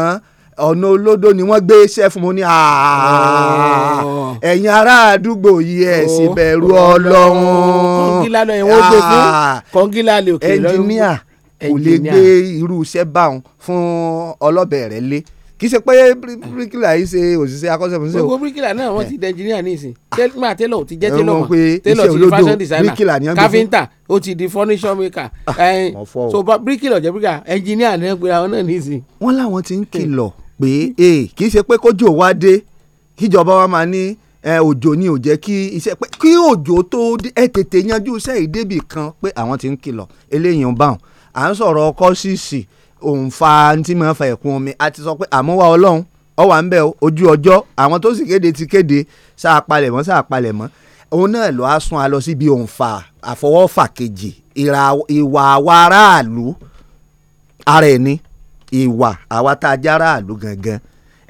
ọ̀nà olódó ni wọ́n gbé iṣẹ́ fún mi ní oh. ẹ̀yin ará àdúgbò yìí ẹ̀ sì oh. bẹ̀rù ọlọ́run kọ́ngílà lọ ẹ̀wọ̀n gbé fún kọ́ngílà lè òkè lọ́rùn ẹnjìníà kò lè gbé irú iṣẹ́ báwọn fún ọlọ́bẹ̀ rẹ̀ lé kì í ṣe pé bíríkìlà yìí ṣe òṣìṣẹ́ akọ́ṣẹ́mọṣẹ́ o. gbogbo bíríkìlà náà wọ́n eh. ti dẹ́njìníà ní ìsìn máa télọ̀ ti jẹ́ télọ̀ mọ̀ télọ̀ ti di fashion designer káfíńtà ó ti di furniture maker ẹ̀ẹ́n ah, eh, so bíríkìlà jẹ́ bíríkìlà ẹnjìníà náà pé àwọn náà ní ìsìn. wọ́n láwọn ti ń hmm. kìlọ̀ pé eh, kì í ṣe pé kójò wá dé kíjọba wa máa ní òjò ni ò jẹ́ kí iṣẹ́ pé kí òjò tó ẹ tètè yanjú iṣẹ́ ìdébì kan pé àwọn ti ń kìlọ̀ eléyìí ń bá wọn à ń sọ̀rọ̀ ọkọ̀ ṣíṣì òǹfà tí mo fa ẹ̀kún omi a ti sọ pé àmúwá ọlọ́run ọ wà ń bẹ̀ ojú ọjọ́ àwọn tó sì kéde ti kéde sáà palẹ̀ mọ́ sáà palẹ̀ mọ́ òun náà lọ́ á sún a lọ síbi òǹfà àfọwọ́fà kejì ìwà àwa aráàlú ara ẹ̀ ni ìwà àwa tá a jẹ́ aráàlú gangan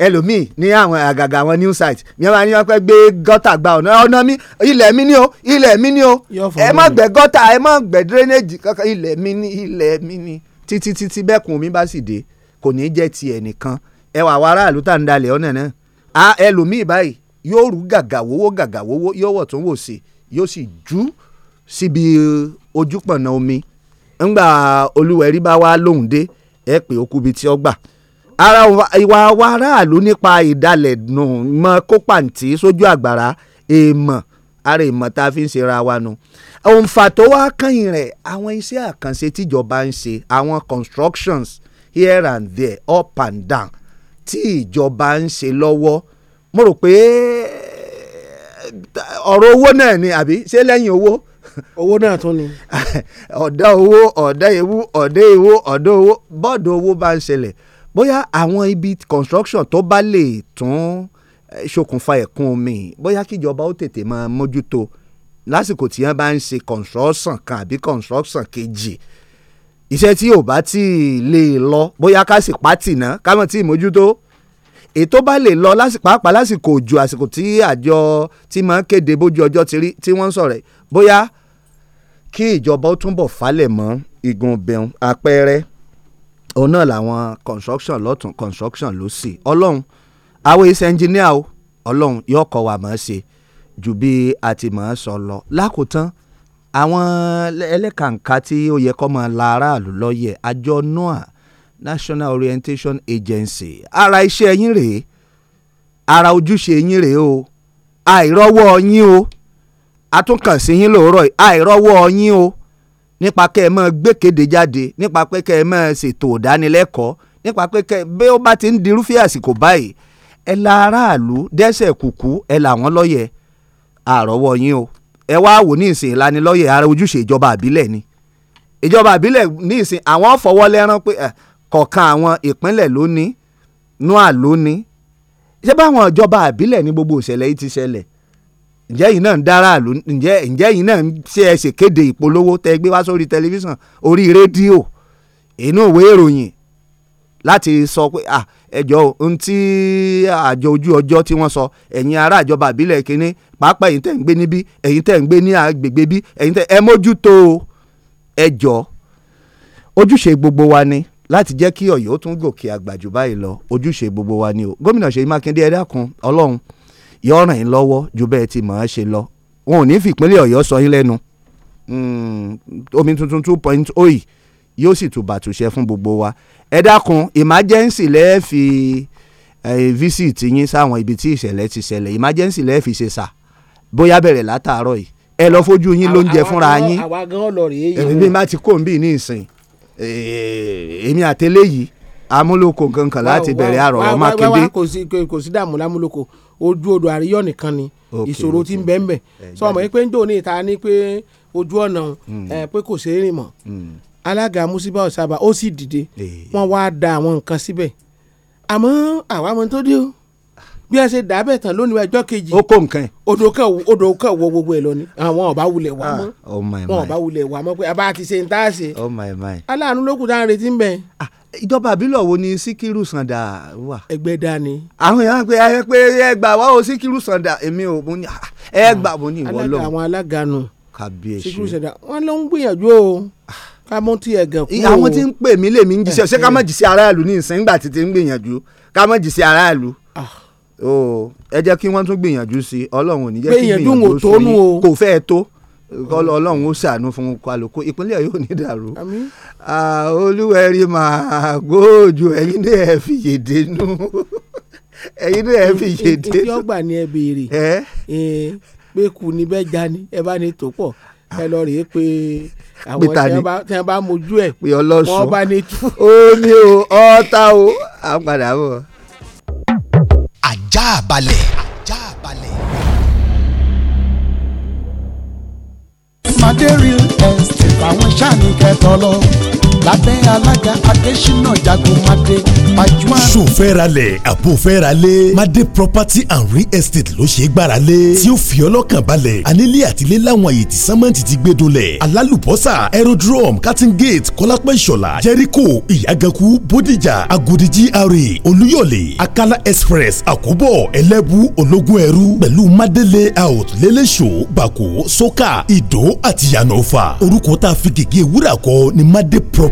ẹlòmíì ní àwọn àgàgà àwọn new site ní wọn ni wọn fẹ́ gbé gọ́tà gba ọ̀nà ọ̀nà mi ilẹ̀ mi ni o ilẹ̀ mi ni o ẹ má gbẹ́ gọ́tà ẹ má gbẹ́ drainage kankan ilẹ̀ mi ni ilẹ̀ mi ni títí títí bẹ́ẹ̀kùn omi bá sì dé kò ní jẹ́ ti ẹnìkan ẹ wà wá aráàlú tá ń dalẹ̀ ọ̀nà náà a ẹlòmíì báyìí yóò rú gàgà wówó gàgà wówó yóò wọ̀ tó ń wò sí yóò sì jú síbi ojúpọ̀nà omi ńgbà olúwẹ̀rí bá wá lóhùn dé ẹ pé ó kubi tí ó gbà ara ìwà wa aráàlú nípa ìdalẹ̀ nù mọ́ kópàǹtì sójú àgbàrá èèmọ̀ e ara ìmọ̀ tá a fi ń ṣera wa nu. òǹfà tó wá kẹ́yìn rẹ̀ àwọn iṣẹ́ àkànṣe tíjọba ń ṣe àwọn constructions here and there up and down tí ìjọba ń ṣe lọ́wọ́ mo rò pé ọ̀rọ̀ owó náà ni àbí ṣé lẹ́yìn owó owó náà tún ni. (laughs) ọ̀dọ́ owó ọ̀dọ́ ewu ọ̀dọ́ ewu ọ̀dọ́ owó bọ́ọ̀dù owó bá ń ṣẹlẹ̀ bóyá àwọn ibi construction tó bá lè tún ṣokùnfà ẹ̀kún omi bóyá kíjọba ó tètè máa mójútó lásìkò tí wọ́n bá ń ṣe construction kan àbí construction kejì iṣẹ́ tí ò bá tí ì lè lọ bóyá ká sì pátì ná ká mọ̀ tí ì mójútó ètò bá lè lọ pàápàá lásìkò òjò àsìkò tí àjọ tí máa ń kéde bójú ọjọ́ ti rí tí wọ́n ń sọ̀rọ̀ bóyá kí ìjọba ó túnbọ̀ falẹ̀ mọ́ igun bẹ̀rùn àpẹẹrẹ òun náà làwọn construction lọ́tún construction ló sì ọlọ́run àwọn iṣẹ́ ẹnjìníà o ọlọ́run yóò kọ́ wa mọ̀ ọ́ ṣe ju bí a ti mọ̀ ọ́ sọ lọ lákòótán àwọn ẹlẹ́kàǹkà tí ó yẹ kọ́ mọ̀ la lọ́yẹ̀ àjọ noah National Orientation Agency ara iṣẹ́ yín rèé ara ojúṣe yín rèé o àìrọ́wọ́ yín o atúnkànsí yín lòórọ̀ àìrọ́wọ́ yín o nípa kẹ́ ẹ máa gbékéde jáde nípa pé kẹ́ ẹ máa ṣètò ìdánilẹ́kọ̀ọ́ nípa pé kẹ́ bí ó bá ti ń dirúfẹ́ àsìkò báyìí ẹ la aráàlú dẹ́sẹ̀ kùkú ẹ là wọ́n lọ́yẹ̀ àrọ́wọ́ yín o ẹ wá wò ní ìsìn ìlanilọ́yẹ̀ ara ojúṣe ìjọba àbílẹ̀ ni ìjọba àbílẹ̀ ní ìsìn àwọn fọwọ́ lẹ́rán pé kọ̀ọ̀kan àwọn ìpínlẹ̀ lónìí nua lónìí ṣé báwọn ìjọba àbílẹ̀ ní gbogbo ìṣẹ̀lẹ̀ yìí ti ṣẹlẹ̀ ǹjẹ́ yìí náà ń dára àlù ǹjẹ́ ǹjẹ́ yìí náà ń ṣe ẹ ṣèkéde ìpolówó tẹ́ gbé wá sórí tẹlifíṣàn orí rédíò inú ìwé ìròyìn láti sọ pé ah ẹjọ́ ohun tí àjọ ojú ọjọ́ tí wọ́n sọ ẹ̀yin ará ìjọba àbílẹ̀ kínní pàápàá ẹ̀yin tẹ̀ ń gbé níbí ẹ̀yin tẹ̀ ń gbé ní agbègbè bí ẹ̀yin tẹ̀ ẹ mójútó ẹjọ́ ojúṣe gbogbo wa ni láti jẹ́ kí ọ̀yọ́ tún gòkè àgbà jù báyìí lọ ojúṣe gbogbo wa ni o gómìnà Ṣèyí Mákindé ẹ dákun ọlọ́run yóò ràn yín lọ́wọ́ ju bẹ́ẹ̀ ti mọ̀ ọ́ ṣe lọ wọn ò ní fìpínlẹ̀ ọ̀yọ́ sọ yín lẹ́nu hmm, omi tuntun two point oh yìí yóò sì tún bàtúnṣe fún gbogbo wa ẹ dákun emergency lẹ́ẹ̀ fi visit yín sáwọn ibi tí ìṣẹ̀lẹ̀ ti ṣẹlẹ̀ emergency lẹ́ẹ̀ fi ṣe sà bóyá bẹ̀rẹ̀ látàárọ̀ yìí ẹ lọ fojú yín lóúnjẹ fúnra yín àwa gan lọ rèé yìí èmi bá ti kó nbí ní ìsìn èmi àtẹlẹ yìí amúlòkó kankan láti bẹ̀rẹ̀ àròwọ́ mákindé. kò sí dààmú lámúlòkó ojú odò àríyọ̀ nìkan ni ìṣòro ti ń bẹ́ẹ̀ bẹ́ẹ̀ sọ ma pé ń dò ní ìta ni pé ojú ọ̀nà hmm. pé kò ṣeé rìn mọ́ hmm alága musiba ọ̀sàbà ó sì dìde wọ́n wá da àwọn nǹkan síbẹ̀ àmọ́ àwa mọ̀ tó dé o bí a ṣe dà á bẹ̀ tán lónìí ẹjọ́ kejì ó kó nǹkan odò kan odò kan wo gbogbo ẹ̀ lọ ni àwọn ọba wulẹ̀ wà mọ́ ah, oh wọn ọba wulẹ̀ wà mọ́ pé a bá ti ṣe ń tá a ṣe oh aláàánú lókùn tá a retí ń bẹ. Ah, ìjọba àbílọ̀ wo ni síkírù sàǹdà wà. ẹgbẹ́ dá ni. àwọn èèyàn pe ayé pé ẹ gbà wá o síkírù sàǹdà èmi ò mú ni ah, ẹ gbà mú ni ìwọ lọ. alága àwọn alága nù síkírù wọn ló ń gbìyànjú o ká mú tí ẹ gàn kú o. àwọn tí ń pè mí lèmi ń jíṣẹ́ ṣé ká má jíṣẹ́ aráàlú ní ìsìn ńgbà títí ń gbìyànjú ká má jíṣẹ́ aráàlú. Ah. ẹ jẹ́ kí wọ́n tún gbìyànjú sí i ọlọ́run ò ní jẹ́ kí gbìyànjú sí i kò fẹ́ tó ọlọ́run ó ṣàánú fún kálukú ìpínlẹ̀ yóò ní dàrú. olúwẹ̀rí máa gbóòjò ẹ̀yin ní ẹ̀ fi yèdè nú (laughs) ẹ̀yin ní ẹ̀ fi yèdè nú. ìjọba ni ẹ béèrè pé kù ní bẹ́ẹ̀ já ni ẹ bá ní tó pọ̀ ẹ lọ rèé pé àwọn tí wọn bá mojú ẹ pé ọlọ́sùn wọn bá ní tú. ó ní o ọ̀ọ́ta o à padà bọ̀. ajá balẹ̀. ajá balẹ̀. madé real estate àwọn sáà ní kẹtọ lọ lábẹ́ alága adésínà jagun máde pajúmọ́. sòfẹ́ralẹ̀ àbòfẹ́ralẹ̀ máde property and real estate ló ṣe é gbára lé tí ó fi ọlọ́kàn balẹ̀ anílé àtìlé láwọn àyè tí sẹ́mẹ́ǹtì ti gbé dolẹ̀ alálùbọ́sà aerodrome cutting gate kọ́lápẹ́ ìṣọ̀lá jẹ́ríkò ìyàgànkù bódìjà agodi gra olúyọ̀lé akala express àkóbọ̀ ẹlẹ́bù ológun ẹrú pẹ̀lú máde layout lẹ́lẹ́ṣọ́ bàkó sọ́kà ìdó àti yànnọ́fà orúkọ tá a fi gègé ni máde property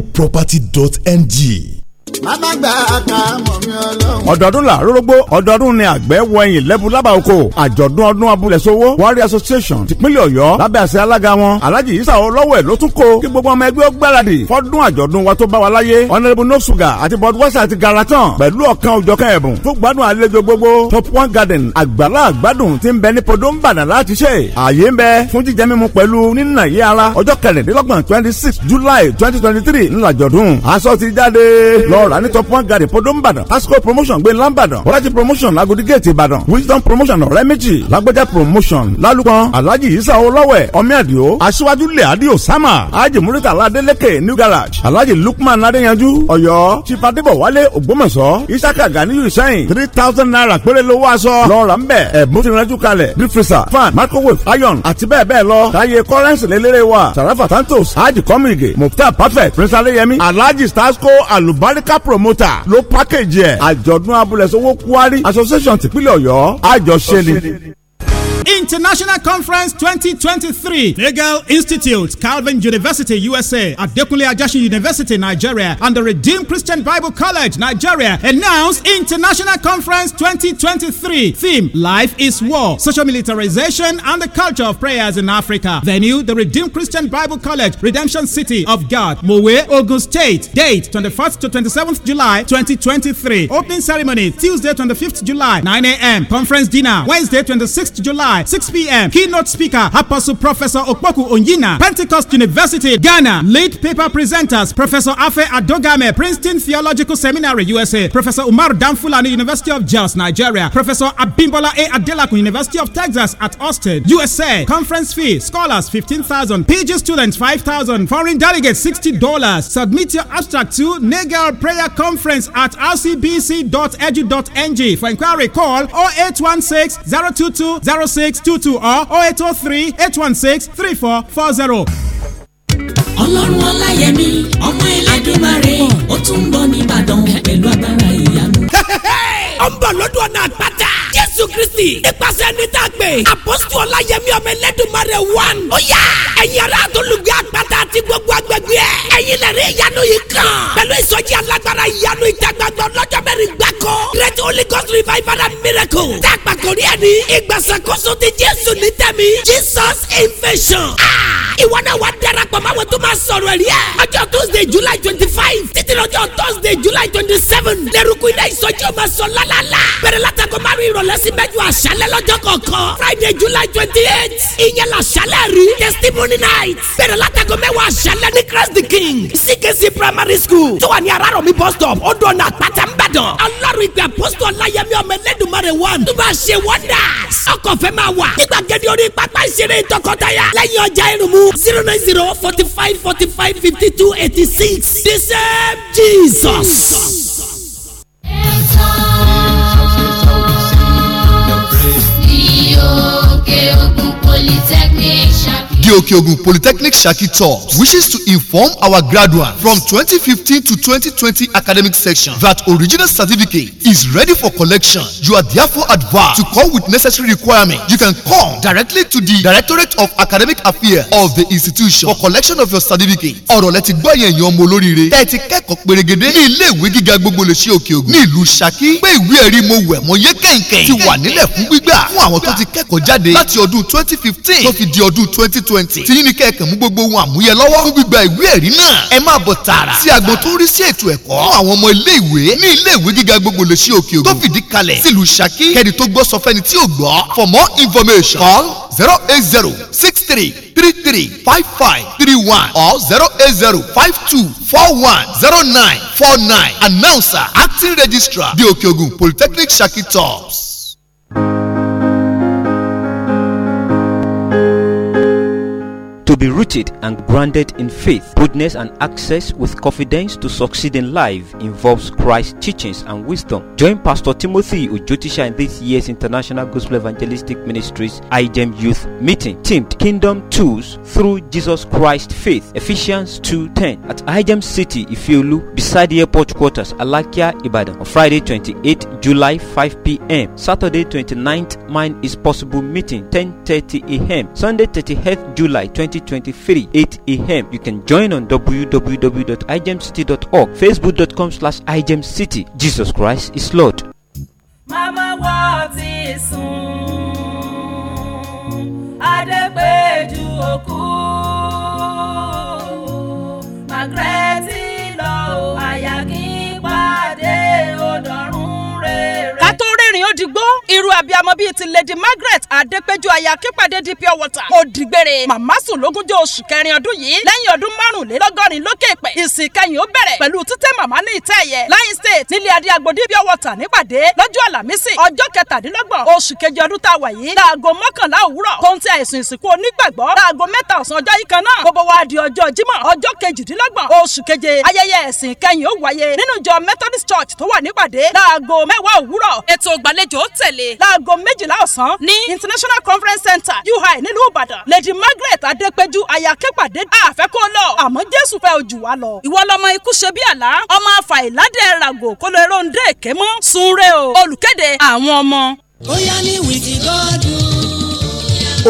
adeproperty.ng Màmá gba àká mọ̀ mi ọlọ́run. Ọ̀dọ̀ọdún là rórógbó ọ̀dọ̀ọdún ni àgbẹ̀ wọ lẹ́bù lábàáko. Àjọ̀dún ọdún abúlé Warri Association tìpínlẹ̀ Ọ̀yọ́ lábẹ́ àṣẹ alága wọn. Alhaji Isa Olọ́wẹ̀ ló tún kó kí gbogbo ọmọ ẹgbẹ́ ó gbáradì fọ́dún àjọ̀dún wa tó bá wa láyé. Honourable No Sugar àti Budweiser àti Garatan pẹ̀lú ọ̀kan òjọ̀kan ẹ̀bùn tó gbádùn àlejò gbogbo. Top One Garden àgbàlá àgbádùn ti ń bẹ ní Podo ń Bàdàn láti ṣe. Àyè ń bẹ fún jíjẹ mímu pẹ̀lú nínà yé ara ọjọ́ kẹrìndínlọ́gbọ̀n twenty six July twenty twenty three ńlàjọ̀dún. Aṣọ ti jáde lọ ọ̀rá ní top one garden podo nìbàdàn tasco promotion gbé lánbàdàn bọ́lájì promotion lagodi gate ìbàdàn wisdom promotion ọ̀rẹ́ méjì lágbẹ́jà promotion lálùpọ̀n alhaji isa olọ́wẹ̀ ọmí àdìo aṣíwájú lè adi osama alhaji murita aladeleke new garage alhaji lukman adéyanjú ọ̀yọ́ chifadebo wálé ògbómọ̀ṣọ́ isaka ganiyu sẹ́yìn three thousand naira péré lówó aṣọ lọ́ọ̀rà ń bẹ̀ ẹ̀bùn ti rẹ́jú kalẹ̀ bífrisà fan microwave iron àti bẹ́ẹ̀ bẹ́ẹ̀ lọ káyé currency lélẹ́rẹ́ wa sarafa santos alhaji kọ́mìgè mufta perfect prince adéyẹmí alhaji tasco alubarika royal promoter ló package ẹ̀ àjọ̀dún abúlé sowó kwari association tìpínlẹ̀ ọ̀yọ́ àjọṣe ni. International Conference 2023, Legal Institute, Calvin University, USA, Adekunle Ajashi University, Nigeria, and the Redeemed Christian Bible College, Nigeria, announced International Conference 2023. Theme, Life is War, Social Militarization and the Culture of Prayers in Africa. Venue, the Redeemed Christian Bible College, Redemption City of God, Mowe, Ogun State. Date, 21st to 27th July 2023. Opening ceremony, Tuesday, 25th July, 9 a.m. Conference dinner, Wednesday, 26th July, 6 p.m. Keynote speaker, Apostle Professor Okpoku Onyina, Pentecost University, Ghana. Lead paper presenters, Professor Afe Adogame, Princeton Theological Seminary, USA. Professor Umar Danfulani, University of Jos, Nigeria. Professor Abimbola A. Adelakun, University of Texas at Austin, USA. Conference fee, scholars 15,000, PG students 5,000, foreign delegates $60. Submit your abstract to Nagel Prayer Conference at rcbc.edu.ng. For inquiry, call 0816 022 six two two or oh eight oh three eight one six three four four zero. ọlọ́run ọláyẹmí ọmọ ẹlẹ́dùnmarè ó tún ń bọ̀ nìbàdàn pẹ̀lú agbára ìyanu. ó bọ̀ lọ́dún ọ̀nà àgbàdo jésù kristi nípasẹ̀ ní tá a gbé apọ́sítù ọláyẹmí ọmọ ẹlẹ́dùnmarè one ó yá ẹ̀yin ará àtolùgbé àgbàtà àti gbogbo agbègbè ẹ̀ ẹ̀yin lẹ́rìí ìyanu yìí kan pẹ̀lú ìsọjí alágbára ìyanu ìtagbàgbà ọlọ́jọ́ mẹ́rin gbáko great holy God's revival and miracle tá a pàkórí ẹ̀ ní ìgbàsàkóso ti jésù ní tẹ̀mí jesus invasion ah! ìwọ náà wà darapọ̀ máa wọ tó máa sọ̀rọ̀ rí ẹ̀. ọjọ́ tuesday july twenty five títí lọ́jọ́ thursday july twenty seven lẹ́rùkú ilé ìsọjí ọmọ sọ lálálá bẹ̀rẹ̀ látàgọ́ márùn-ún ìrọ̀lẹ́ sí àṣálẹ́ lọ́jọ́ kọ̀ọ̀kan friday july twenty eight ìyẹn làṣálẹ́ rí testimony night bẹ̀rẹ̀ látago mẹ́wàá àṣálẹ́ ní christ the king ckc primary school tó wà ní arárọ̀mí bus stop ó dọ̀nà àpáta ńbàdàn ọlọ́run ìgbà apostol ọláyẹmí ọmọ ẹlẹ́dùnmọ́rẹ̀ one tó bá ṣe wonders ọkọ̀ fẹ́ máa wà nígbà gẹ́gẹ́ orí pápá ìṣeré tọkọtaya lẹ́yìn ọjà irunmu zero nine zero forty five forty five fifty two eighty six the same jesus. jesus. òkè Adeokiogun Polytechnic Shaki Tops wishes to inform our graduates from 2015 to 2020 academic section that original certificate is ready for collection. You are therefore advised to come with necessary requirements. You can come directly to the Directorate of Academic Affairs of the institution for collection of your certificate. ọ̀rọ̀ lẹ gbọ́ yẹn yan ọmọ olóríire tẹ́ kẹ́kọ̀ọ́ pérégedé ní ilé ìwé gíga gbogbo lè ṣe òkè ògùn ní ìlú Ṣakí pé ìwé ẹ̀rí mo wẹ̀ mo yé kẹ̀kẹ́ ti wà nílẹ̀ fún gbígbà fún àwọn tó ti kẹ́kọ̀ọ́ jáde láti ọdún twenty tó fi di ọdún twenty twenty tí yín ni kẹ́ẹ̀kan mú gbogbo ohun àmúyẹ lọ́wọ́ fún gbígba ìwé ẹ̀rí náà ẹ máa bọ̀ tààrà sí agbọn tó ń rí sí ètò ẹ̀kọ́ fún àwọn ọmọ ilé ìwé ní ilé ìwé gíga gbogbo lè ṣe òkè ògùn tó fìdí kalẹ̀ sílùú Ṣakí kẹ́ni tó gbọ́ sọ fẹ́ni tí ò gbọ́ for more information call zero eight zero six three three three five five three one or zero eight zero five two four one zero nine four nine announcer acting registrar di òkè ògùn polytechnic Ṣakí tops. to be rooted and grounded in faith, goodness, and access with confidence to succeed in life involves Christ's teachings and wisdom. Join Pastor Timothy Ujotisha in this year's International Gospel Evangelistic Ministries IGEM Youth Meeting, themed Kingdom Tools Through Jesus Christ Faith, Ephesians 2.10, at IGEM City, Ifeolu, beside the airport quarters, Alakia, Ibadan, on Friday 28 July 5 p.m., Saturday 29th, Mine is Possible Meeting, 10.30 a.m., Sunday 30th July 2020, 2023, 8 a.m. You can join on www.igemcity.org, facebook.com slash igemcity. Jesus Christ is Lord. Mama, what is ká tó irú abiyamọ bíi ti lady margaret adépẹ́jú aya kípàdé di pure water ó dìgbére màmá sùn lógúnjọ́ oṣù kẹrin ọdún yìí lẹ́yìn ọdún márùnlélọ́gọ́rin lókè pẹ̀ ìsìn kẹyìn ó bẹ̀rẹ̀ pẹ̀lú títẹ́ màmá ní ìtẹ́ ẹ̀yẹ lion state nílé adé agbodí pure water nípàdé lọ́jọ́ àlàmísì ọjọ́ kẹtàdínlọ́gbọ̀n oṣù kejì ọdún tá a wà yìí láago mọ́kànlá òwúrọ̀ tó ń ti àìsùn ìsìnkú onígbàgbọ́ láago mẹ́ta ọ̀sán ọjọ́ di ọjọ́ jímọ̀ ọjọ́ kejìdínlọ́gbọ̀n oṣù keje ayẹyẹ ẹ̀sìn kẹyìn ó wáyé nínú methodist church tó wà nípàdé láago mẹ́wàá òwúrọ̀ ètò ìgbàlejò ìsàlẹ̀ láago méjìlá ọ̀sán ní international conference center ui nílùú ìbàdàn lady margaret adépẹ́jú ayakẹ́pàdé àfẹ́kọ́ lọ àmọ́ jésù fẹ́ ojú wa lọ. ìwọ lọmọ ikú ṣe bí àlá ọmọ afa ìládẹ́ rago kó lè ronú dé èké mọ́ sunre o olùkéde àwọn ọmọ. bóyá ní wìtí gọ́ọ̀dù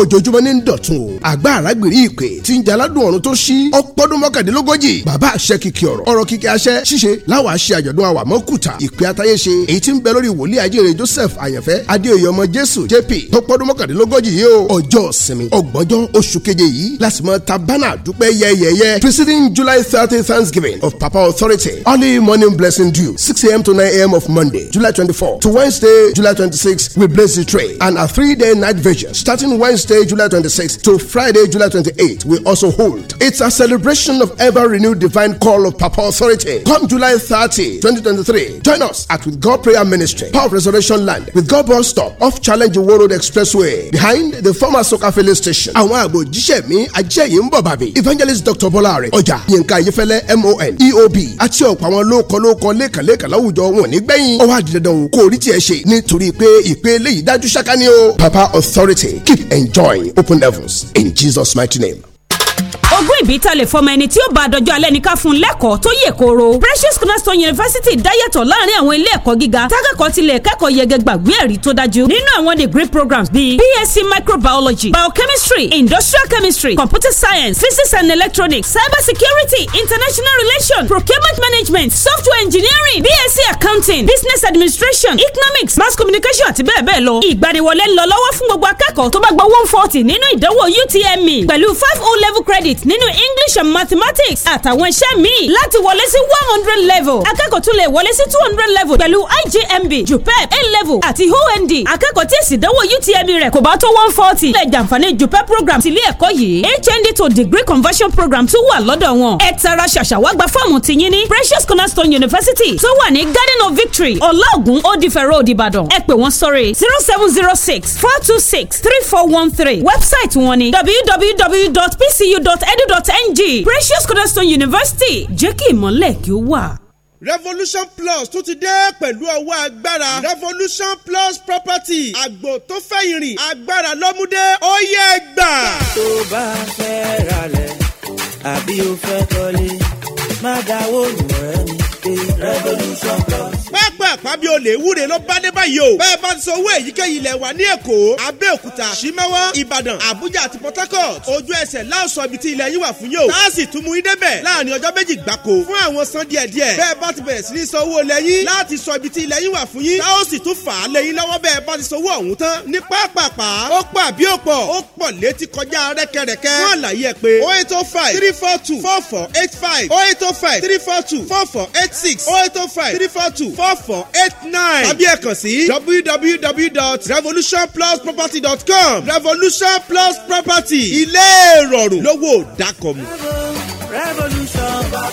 ojoojúmọ́ ní dọ̀tun o àgbà àràgbèrè ìpè tí ń jaládùn ọ̀run tó ṣí ọpọ́dún mọ́kàndínlógójì bàbá àṣẹ kìkì ọ̀rọ̀ ọ̀rọ̀ kìkì àṣẹ ṣíṣe láwọn àṣẹ àjọ̀dún àwà mọ́kùtà ìpè àtayéṣe èyí tí ń bẹ lórí wòlíì ajínrere Joseph àyànfẹ́ adéoyè ọmọ Jésù JP tọpọ́dún mọ́kàndínlógójì yìí o ọjọ́ sinmi ọgbọ́njọ́ oṣù keje yìí láti mọ tabana dúpẹ́ yẹ́yẹ́yẹ́ preceding July thirty thanksgiving of Papa Authority early morning blessing due six a.m. to nine a.m. of Monday July twenty-four to Wednesday July twenty-six we bless the tray and a three-day night vigil starting Wednesday. Thursday, July 26th to Friday, July 28th, we also hold. It's a celebration of ever renewed divine call of Papa authority. Come July 30, 2023, join us at With God Prayer Ministry, Power of Resurrection Land, With God Bus Stop, off Challenge World Road Expressway, behind the former Soka filling station. Àwọn àgbò jíṣẹ́ mi ajẹ́yìn ń bọ̀ bàbí. Evangelist Dr. Bọ́láre, ọjà Yínká Ayéfẹ́lẹ́ MON, EOB àti ọ̀pọ̀ àwọn lóòkọ́ lóòkọ́ lẹ́kànlẹ́kàn láwùjọ wọn ní gbẹ̀yìn. Ọwọ́ àdìdàdàn kò rí tiẹ̀ ṣe nítorí pé ìpele yìí dájú ṣáká ni o. Papa authority keep enjoying join open levels in Jesus' mighty name. ogún ìbítalẹ̀ fọmọ ẹni tí ó bá àdọ́jọ́ alẹ́ ní ká fún un lẹ́kọ̀ọ́ tó yè kooro Precious Cornerstone University dáyàtọ̀ láàrin àwọn ilé ẹ̀kọ́ gíga takẹ́kọ̀ọ́ tilẹ̀ kẹ́kọ̀ọ́ yege gbàgbé ẹ̀rí tó dájú nínú àwọn degree programs bíi BSc microbiology biochemistry industrial chemistry computer science physics and electronics cyber security international relations procurement management software engineering accounting business administration economics mass communication àti bẹ́ẹ̀ bẹ́ẹ̀ lọ. ìgbaniwọlé ń lọ lọ́wọ́ fún gbogbo akẹ́kọ̀ọ́ tó bá gba one forty nínú ìdánwò UTME pẹ̀lú five o level credit nínú English and mathematics àtàwọn iṣẹ́ míì láti wọlé sí one hundred level akẹ́kọ̀ọ́ tún lè wọlé sí two hundred level pẹ̀lú IJMB JUPEP A level àti OND akẹ́kọ̀ọ́ tí èsì ìdánwò UTME rẹ̀ kò bá tó one forty lè jàǹfààní JUPEP program tìlé ẹ̀kọ́ yìí HND to degree conversion program tún wà lọ́dọ̀ wọn ẹ tara ṣàṣà wá fọ́ọ̀mù tìyín ní Precious Cornerstone University tó wà ní Ghana garden of victory ọláògùn road òdìbàdàn ẹ pè wọ́n sórí zero seven zero six four two six three four one three website wọn ni www.pcu.edu.ng precious cornerstone university jẹ́ kí ìmọ̀lẹ̀ kí ó wà. Revolution Plus tún ti dé pẹ̀lú ọwọ́ agbára Revolution Plus property àgbò tó fẹ́ ìrìn agbára lọ́múdé ó yẹ gbà. tó bá fẹ́ ralẹ̀ àbí o fẹ́ kọ́lé má dáwọ́ lù ẹ́ ni pápá àpábí olè wúre ló bá dé báyìí o bẹ́ẹ̀ bá ń san owó èyíkéyìí ilẹ̀ wa ní èkó abẹ́òkúta ṣímẹ́wọ́ ìbàdàn àbújá àti port harcourt ojú ẹsẹ̀ láòsọ ibi tí ilẹ̀ yín wà fún yóò láàsì tún mú yín débẹ̀ láàrin ọjọ́ méjì gbáko fún àwọn san díẹ̀ díẹ̀ bẹ́ẹ̀ bá ti bẹ̀rẹ̀ sí ní san owó ilẹ̀ yín láti sọ ibi tí ilẹ̀ yín wà fún yín tá ó sì tún fà á lé yín lọ́wọ́ bẹ́ẹ̀ bá ti sanwó ọ̀hún tán ní pápápá ó pọ̀ oh oh five three four two four four eight five oh eight oh five three four two four four eight six oh eight oh five three four two four four eight nine tàbí ẹ kàn sí www.revolutionplusproperty.com revolution plus property ilé ìrọ̀rùn lówó dákọ̀mù. revolution bá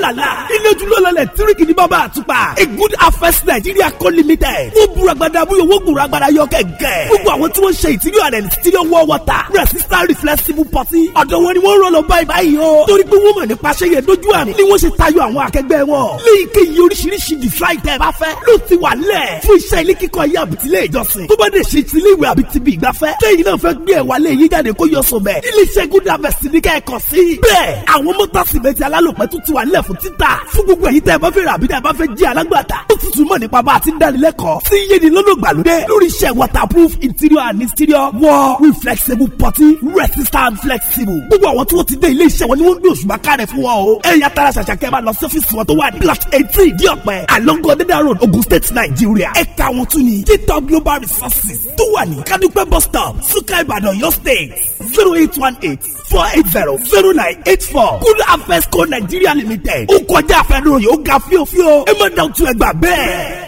làlà ilé jùlọ lọlẹ̀ tíríkì ní bàbá àtúpà a good affairs Nigeria co limited ó búra gbada bóyá owó gbòòrò agbada yọ kẹ̀kẹ́ gbogbo àwọn tí wọ́n ṣe ìtìlẹ̀ rẹ̀ ìtìlẹ̀ wọ́ wọ́ta resistant reflexible pọtí ọ̀dọ̀ wọn ni wọ́n rán lọ báyìí báyìí o torí pé wọ́n mọ̀ nípa ṣe yẹ dójú àmì ni wọ́n ṣe tayọ àwọn akẹgbẹ́ wọn léyìíkéyìí oríṣiríṣi design tẹ́ ẹ bá fẹ́ ló ti wà lẹ̀ fún iṣẹ́ ilé kíkọ́ yẹ àbítílẹ̀ ìjọsìn tó bá dé ṣe ti ilé ìwé àbí ti bí ìgbafẹ́ lẹ́yìn náà fẹ́ gbé ẹ̀wà lé yín jáde kó yọ sọ̀bẹ̀ ilé iṣẹ́ good harvest ní kẹ́ẹ̀kan sí bẹ́ẹ̀ àwọn mọ́tà sìmẹ́ntì alálòpẹ́ tó ti wà lẹ̀ fún títà fún gbogbo èyí tẹ́ ẹ bá fẹ́ rà àbí tẹ́ ẹ bá fẹ́ jẹ́ alágbàtà ó ti túmọ̀ nípa bá a ti dánilẹ́kọ̀ọ́ sí yéni lọ́dọ̀gbàlódé lórí iṣẹ́ waterproof interior and exterior wall reflexible putty resistant flexible gbogbo àwọn tí wọ́n ti dé ilé iṣẹ́ wọn ni wọ́n gbé òṣùpá kárẹ̀ fún wọn o ẹ̀yà tara ṣàṣàkẹ́ máa lọ sọ́fíìsì wọn tó wà ní plot eighteen di ọ̀pẹ alongo deda road Ogun State Nigeria ẹ̀ka wọn tún ni títọ́ global resources tó wà ní Kadupẹ́ bus stop Suka Ìbàdàn Ọ̀yọ́ state zero eight one eight four eight zero zero nine eight four good harvest co limited ó kọjá àfẹnuròyìn ó ga fíofío ẹ má dàtú ẹgbà bẹ́ẹ̀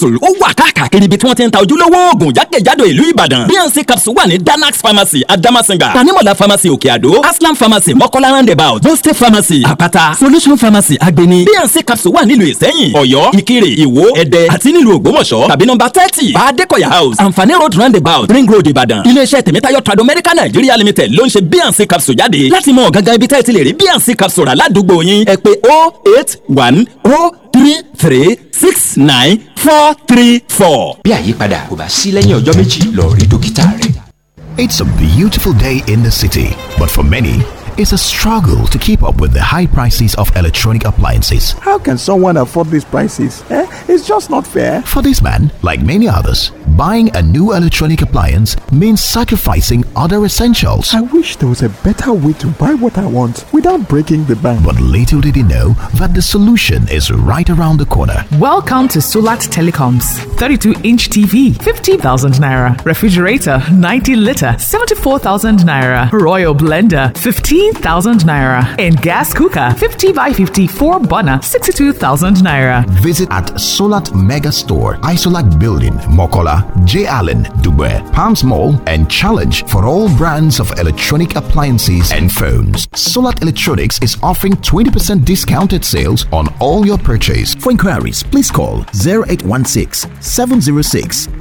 capsule ó wà káàkiri ibi tí wọ́n ti ń ta ojúlówó oògùn jákèjádò ìlú ìbàdàn bnc capsule wà ní danax pharmacy adamasinga tanimola pharmacy òkè àdó aslam pharmacy mọ́kọ́lá roundabout boste pharmacy àpáta solution pharmacy agbeni bnc capsule wà nílùú ìsẹ́yìn ọ̀yọ́ ìkirè ìwó ẹdẹ àti nílùú ògbómọ̀ṣọ́ tàbí nọ́mbà thirty bá adékọ̀yà house àǹfààní road roundabout ring road ìbàdàn iléeṣẹ́ tèmítáyọ̀ tradomedical nigeria limited ló ń ṣe bnc capsule jáde láti mọ̀ gangan ibi tẹ́ẹ̀ ti lè bnc capsule rà ládùúgbò yín ẹ pé three three six nine four three four. bí àyípadà kò bá sí lẹ́yìn ọjọ́ méjì lọ rí dókítà rẹ. It's a beautiful day in the city, but for many, It's a struggle to keep up with the high prices of electronic appliances. How can someone afford these prices? Eh? It's just not fair. For this man, like many others, buying a new electronic appliance means sacrificing other essentials. I wish there was a better way to buy what I want without breaking the bank. But little did he know that the solution is right around the corner. Welcome to Sulat Telecoms 32 inch TV, 50,000 naira. Refrigerator, 90 liter, 74,000 naira. Royal blender, 15 60,000 naira. In gas cooker, 50 by 54 burner, 62,000 naira. Visit at Solat Mega Store, Isolat Building, Mokola, J. Allen, Dubai, Palms Mall, and Challenge for all brands of electronic appliances and phones. Solat Electronics is offering 20% discounted sales on all your purchase. For inquiries, please call 0816 706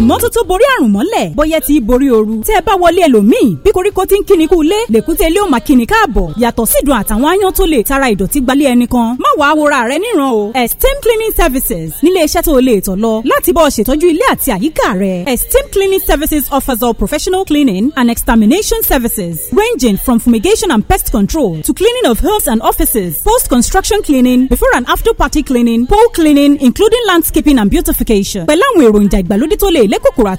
ìmọ́tótó borí àrùn mọ́lẹ̀ bóyá ti borí ooru tẹ́ ẹ bá wọlé ẹlòmíì bí koríko ti ń kíni kú ilé lèkúté ilé ò kíni káàbọ̀ yàtọ̀ sídùn àtàwọn aáyán tó lè tara ìdọ̀tí gbalẹ̀ ẹni kan má wàá wora rẹ níran o Esteem Cleaning Services nílé iṣẹ́ tó lè tọ̀ lọ láti bọ́ ṣètọ́jú ilé àti àyíká rẹ Esteem Cleaning Services offers all professional cleaning and extermination services ranging from fumigation and pest control to cleaning of homes and offices post-construction cleaning before and after party cleaning pole cleaning including landscaping and beautification pẹ̀lú àwọn èròjà ìgbàlódé tó lè ìlékòkòrò